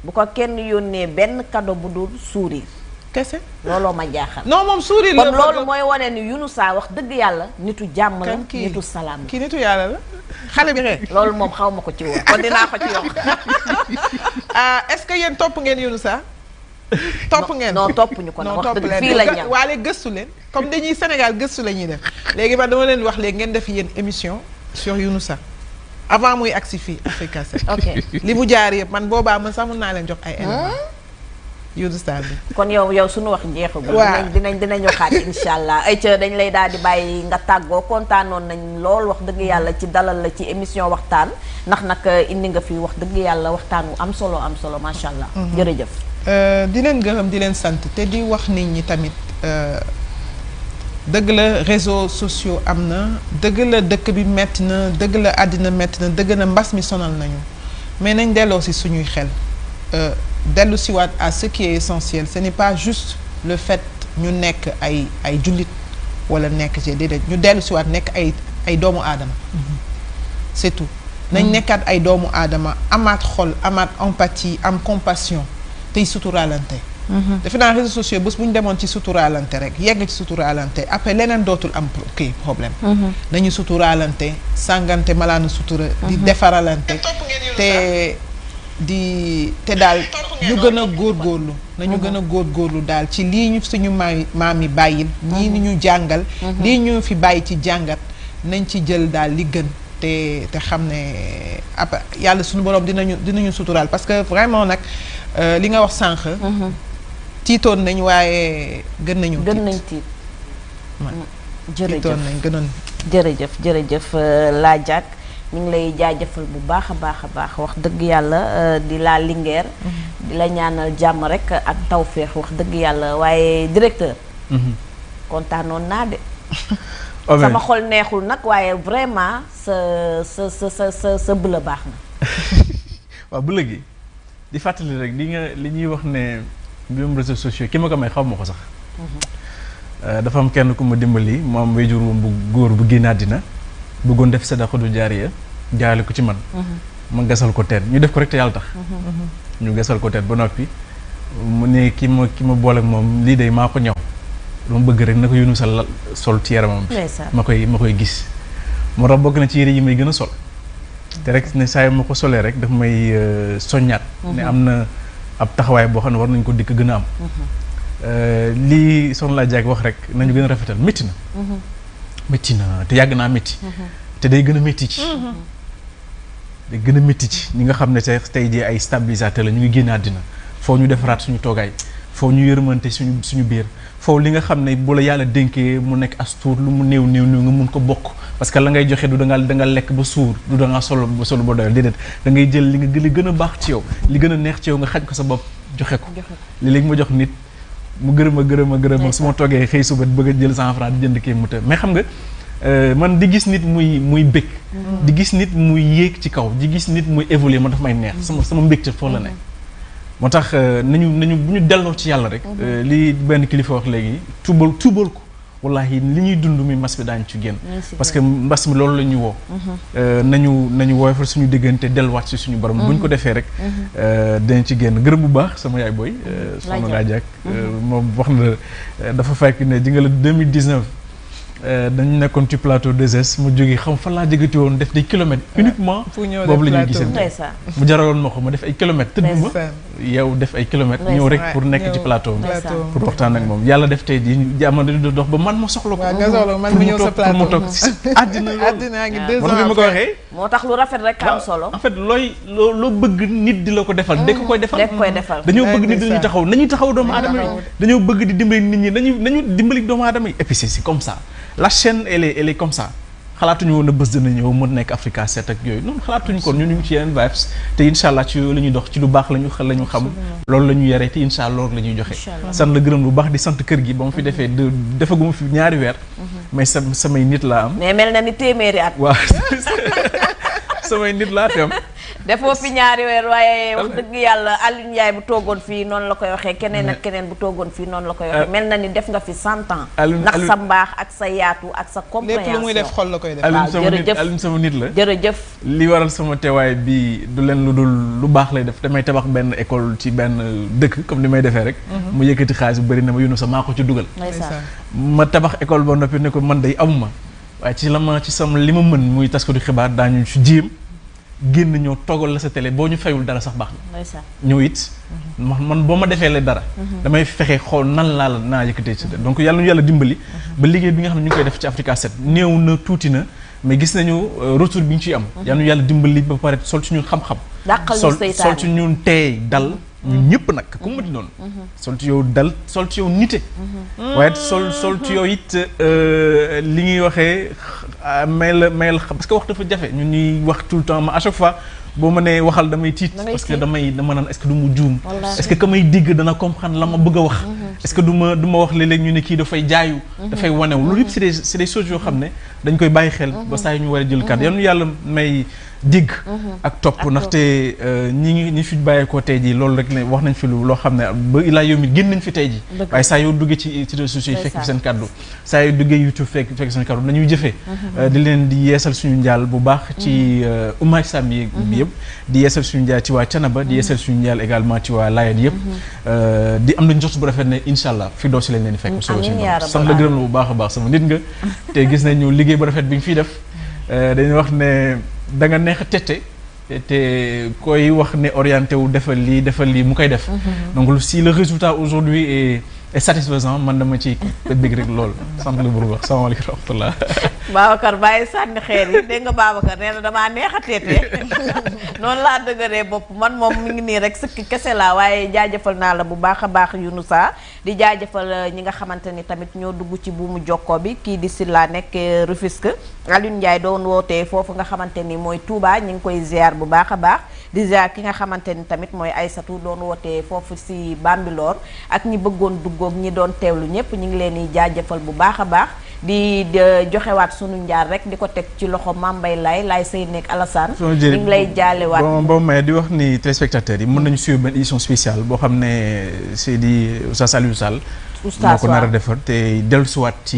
Speaker 1: bu ko kenn yónnee benn kado bu dul sourire. kese looloo ma jaaxal. non moom sourire la kon loolu mooy wane ni Younoussa wax dëgg yàlla. nitu jàmm la nitu salaam la kii nitu yàlla la xale bi rek. loolu moom xaw ma ko ci woon
Speaker 2: kon dinaa ko ci yokk. *laughs* Ah, est-ce que yéen topp ngeen Younoussa. topp ngeen noo topp ñu ko nag wax dëgg fii la ñu waale gëstu leen comme dañuy Sénégal gëstu la ñuy def léegi man dama leen wax léegi ngeen def yéen émission sur Younoussa avant muy agsi fii Africa 7 li mu jaar yëpp man boobaa man sax naa leen jox ay Doudou Sané
Speaker 1: kon yow yow suñu wax jeexagul. waaw dinañ dinañ waxaat incha allah *laughs* ay ca dañ lay daal di bàyyi nga tàggoo kontaanoon nañ lool wax dëgg yàlla ci dalal la ci émission waxtaan ndax nag eh, indi nga fi wax dëgg yàlla waxtaan wu am solo am solo macha allah. Mhm. jërëjëf.
Speaker 2: Euh, di leen gërëm di leen sant te di wax nit ñi tamit euh, dëgg la réseaux sociaux am na dëgg la dëkk bi metti na dëgg la àddina metti na dëgg na mbas mi sonal nañu mais nañ delloo si suñuy xel. Euh, dellu siwaat à ce qui est essentiel ce n'est pas juste le fait ñu nekk ay ay jullit wala nekk ci déedéet ñu dellu siwaat nekk ay ay doomu aadama mm-hmm. c'est tout mm-hmm. nañ nekkaat ay doomu aadama amaat xol amaat empathie am compassion tey suturaalante mm-hmm. defe naa réseaux sociaux bés bu ñu demoon ci suturaalante rek yegg ci suturaalante après leneen dootul am kii problème nañu suturaalante sàngante malaanu sutura di defaralante te di te daal *laughs* ñu gën a góorgóorlu nañu gën a góorlu daal ci lii ñu suñu maam maam yi bàyyil ñii ni mhm. ñu jàngal mhm. lii ñu fi bàyyi ci jàngat nañ ci jël daal li gën te xam ne ab yàlla suñu borom dinañu dinañu suturaal parce que vraiment nag euh, li nga wax sànq mhm.
Speaker 1: tiitoon nañ waaye gën nañu gën nañ tiit mm, jërëjëf tiitoon nañ gënoon jërëjëf jërëjëf euh, laajaak ñu ngi lay jaajëfal bu baax a baax a baax wax dëgg yàlla euh, di laa Linguère. Mm-hmm. di la ñaanal jàmm rek ak tawféex wax dëgg yàlla waaye directeur. Mm-hmm. kontaanoon naa de. *laughs* sama xol neexul nag waaye vraiment sa sa sa sa bëla baax na.
Speaker 3: *laughs* waaw bëla gi di fàttali rek li nga li ñuy wax ne mbirum réseaux sociaux ki ma ko may xaw ma ko sax.
Speaker 4: Mm-hmm.
Speaker 3: Euh, dafa am kenn ku mu dimbali mu am wéjur bu góor bu génn àddina bëggoon def sadaqatu jaariya jaarale ko ci man mhm. ma gasal ko teen ñu def ko rek te yàlla tax mhm. ñu gasal ko teen ba noppi mu ne ki ma ki ma boole moom lii de maa ko ñaw bëgg rek na ko yónnu sa sol ci yaramam bi ma koy ma koy gis moo tax na ci yére may gën a sol te rek ne saa yi ma ko solee rek daf may euh, soññaat ne mhm. am na ab taxawaay boo xam ne war nañ ko dikk gën a am euh, lii soxna laa jaag wax rek nañu gën a rafetal métti na métti na te yàgg naa métti. te day gën a métti ci. day gën a métti ci ñi nga xam ne te tey jii ay stabilisateur la ñu ngi génn àddina foo ñu defaraat suñu toogaay foo ñu yërmante suñu suñu biir foo li nga xam ne bu la yàlla dénkee mu nekk as tuur lu mu néew néew néew nga mun ko bokk parce que la ngay joxe du da nga lekk ba suur du da nga solo ba solo ba doyal déedéet da jël li nga li gën a baax ci yow li gën a neex ci yow nga xaj ko sa bopp joxe ko léeg-léeg jox nit mu gërëm a gërëm a gërëm a su ma toogee xëy suba bëgg a jël cent franc di jënd kii mu të mais xam nga euh, man di gis nit muy muy bëgg mm-hmm. di gis nit muy yéeg ci kaw di gis nit muy évoluer ma daf may neex mm-hmm. sama sama mbégte foofu la ne mm-hmm. moo tax euh, nañu nañu bu ñu delloo ci yàlla rek euh, li benn kilifa wax léegi tuubal tuubal ko wallahi li ñuy dund mi mbas bi daañu ci génn parce que mbas mi loolu la ñu woo mhm. euh, nañu nañu woyofal suñu diggante delluwaat si suñu borom bu ñu ko mhm. defee rek mhm. euh, dinañ ci génn gërëm bu baax sama yaay booy euh, soxna laa jaak moom wax na dafa fekk ne ji nga la 2019 Euh, dañu nekkoon ci plateau 2S mu jógee xam fan laa jëgati woon def des kilomètres. uniquement boobu la ñuy gisee mu jaraloon ma ko ma def ay kilomètres. tëdd ma yow def ay kilomètres. ñëw rek pour nekk ci plateau bi. pour waxtaan ak moom yàlla def tey jii jamono di dox ba man ma soxla ko. nga soxla man mu ñëw sa plateau mu toog si
Speaker 1: *laughs* ko waxee. moo tax lu rafet
Speaker 3: rek am solo. en looy loo loo bëgg nit di la ko defal. Mm. dëkk koy defal koy defal. Mm. dañoo bëgg nit ñi taxaw nañu taxaw doomu aadama yi dañoo bëgg di dimbali nit ñi nañu nañu dimbali doomu aadama yi et comme ça la chaîne elle est elle est comme ça xalaatuñu woon na bés dina ñëw mën nekk Africa 7 ak yooyu noonu xalaatuñu ko ñun ñu ngi ci yeneen vibes te incha allah ci yooyu la lu baax la ñu xel la ñu xam. loolu la ñu yaree te incha allah loolu la ñuy joxe. sant la gërëm lu baax di sant kër gi ba mu fi mm-hmm. defee de defaguma fi ñaari weer. Mm-hmm. mais sam samay nit laa am. mais
Speaker 1: mel na ni téeméeri at.
Speaker 3: waaw *laughs* samay nit laa fi am.
Speaker 1: defoo fi ñaari weer waaye wax dëgg yàlla Aliou Ndiaye bu toogoon fii noonu la koy waxee keneen ak keneen bu toogoon fii noonu la koy waxee euh, mel na ni def nga fi cent ans ndax sa mbaax ak sa yaatu ak sa compréhension lépp lu muy def
Speaker 2: xol la koy def Aliou
Speaker 3: sama nit la li waral sama teewaay bi du leen lu dul lu baax lay def damay tabax benn école ci benn dëkk comme ni may defee rek mhm. mu yëkkati xaalis bu bëri na ma yunu sa maa ko ci dugal ma tabax école ba noppi ne ko man de amuma waaye ci la ma ci sama li ma mën muy tas ko di xibaar génn ñoo toggal la sa télé boo ñu fayul dara sax baax na. ñëw it. man boo ma defee la dara. Mhm. damay fexe xool nan laa la naa yëkkatee ci donc yàlla ñu yàlla dimbali. Mhm. ba liggéey bi nga xam ne ñu ngi koy def ci Africa 7 néew na tuuti na mais gis nañu euh, retour bi ñu ciy am. Mhm. yàlla ñu yàlla dimbali ba pare sol ci ñun xam-xam. dàqal sol sol teey dal. ñun nag ku mu di yow dal sol yow nite. waaye sol yow it euh, li ñuy waxee. mail euh, mail parce que wax dafa jafe ñun ñuy wax tout le temps ma à chaque fois boo ma nee waxal damay tiit parce que damay dama naan est-ce que du ma juum est-ce que ka may digg dana comprendre la ma bëgg a wax mhm. est-ce que wax léeg-léeg ñu ne kii dafay jaayu mhm. dafay wanew loolu yëpp c'est des c'est des yoo xam ne mhm. dañ koy bàyyi xel ba saa yu ñu war a jël kàddu yal na yàlla may digg mm-hmm. ak topp ndaxte euh, ñi ngi ñi fi bàyyeekoo tey ji loolu rek ne wax nañ fi lu loo xam ne ba ilaa yow mi génn nañ fi tey ji waaye saa yoo duggee ci ci réseaux sociaux yi fekk fi seen kàddu saa yoo duggee YouTube fekk fekk seen kàddu nañuy jëfee mm-hmm. euh, di leen di yeesal suñu njaal bu baax ci ummaaj sàmm euh, yi mm-hmm. bi yëpp di yeesal suñu njaal ci waa Canaba di yeesal suñu njaal également ci waa Laayeen yëpp di am nañ njort bu rafet ne incha allah fi doo si lañ leen fekk so sax la gërëm la bu baax a baax sama nit nga *laughs* te gis nañ ñëw liggéey bu rafet bi ñu fiy def Euh, dañuy wax ne da nga neex a tette te koy wax ne orienté wu defal lii defal lii mu koy def. Mm-hmm. donc si le résultat aujourd'hui est est satisfaisant man dama ci dégg rek lool sant la bu baax salaamaaleykum wa rahmatulah. *laughs*
Speaker 1: Babacar bàyyi sànni xeer yi dégg nga Babacar nee damaa neex a teete *laughs* noonu laa dëgëree bopp man moom mu ngi nii rek sëkk kese laa waaye jaajëfal naa la bu baax a baax Younoussa di jaajëfal euh, ñi nga xamante ni tamit ñoo dugg ci buumu jokko bi kii di Silla nekk euh, Rufisque Alioune Ndiaye doon wootee foofu nga xamante ni mooy Touba ñu ngi koy ziar bu baax a baax di ziar ki nga xamante ni tamit mooy ay Aysatu doon wootee foofu si Bambilor ak ñi bëggoon duggoog ñi doon teewlu ñëpp ñu ngi leen di jaajëfal bu baax a baax di joxewaat sunu njaar rek di ko teg ci loxo mambay lay laay say nekk Alassane ñu ngi lay jaalewaat
Speaker 3: boobu may di wax ni téléspectateurs yi mun nañu suivre benn émission spéciale boo xam ne c'est di Oustaz Aliou Sall moo ko nar a defar te dellusiwaat ci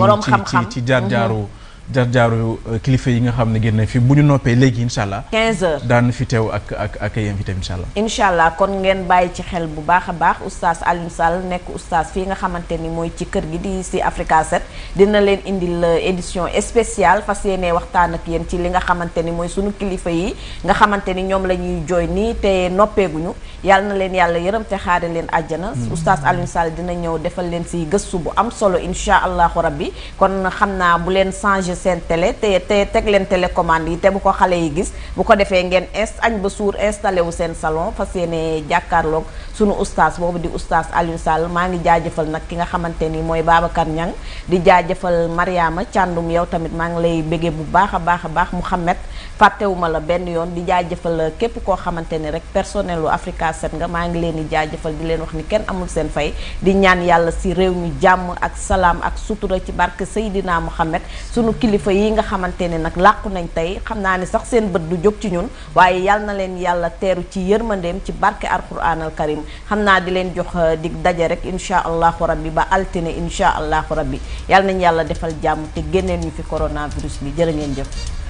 Speaker 3: ci ci jaar jaaru mhm. jaar-jaaru euh, kilifa yi nga xam ne génn fi bu ñu noppee léegi incha
Speaker 1: h
Speaker 3: daan fi teew ak ak ak ay invité incha
Speaker 1: allah. kon ngeen bàyyi ci xel bu baax a baax oustaz Alioune Sall nekk oustaz fii nga xamante ni mooy ci kër gi di si Africa 7 dina leen indil euh, édition spéciale fas yéenee waxtaan ak yéen ci li nga xamante ni mooy sunu kilifa yi nga xamante ni ñoom la ñuy jooy nii te noppeeguñu yàlla na leen yàlla yërëm te xaare leen àjjana. Mm-hmm. oustaz Alioune Sall dina ñëw defal leen si gëstu bu am solo incha allahu bi kon xam naa bu leen changé télécharger seen télé te te teg leen télécommande yi te bu ko xale yi gis bu ko defee ngeen inst añ ba suur installé wu seen salon fas yéene jàkkaarloog sunu oustaz boobu di oustaz Aliou Sall maa ngi jaajëfal nag ki nga xamante ni mooy Babacar Niang di jaajëfal Mariama Thiandoum yow tamit maa ngi lay bëggee bu baax a baax a baax Mouhamed fàttewuma la benn yoon di jaajëfal képp koo xamante ni rek personnel lu Africa 7 nga maa ngi leen di jaajëfal di leen wax ni kenn amul seen fay di ñaan yàlla si réew mi jàmm ak salaam ak sutura ci barke Seydina Mouhamed sunu kilifa yi nga xamante ne nag làkku nañ tey xam naa ne sax seen bët du jóg ci ñun waaye yal na leen yàlla teeru ci yërmandeem ci barke alquran al karim xam naa di leen jox euh, dig daje rek incha allahu rabbi ba altine incha allahu rabbi yal nañ yàlla defal jàmm te génneen ñu fi coronavirus bi jërë ngeen jëf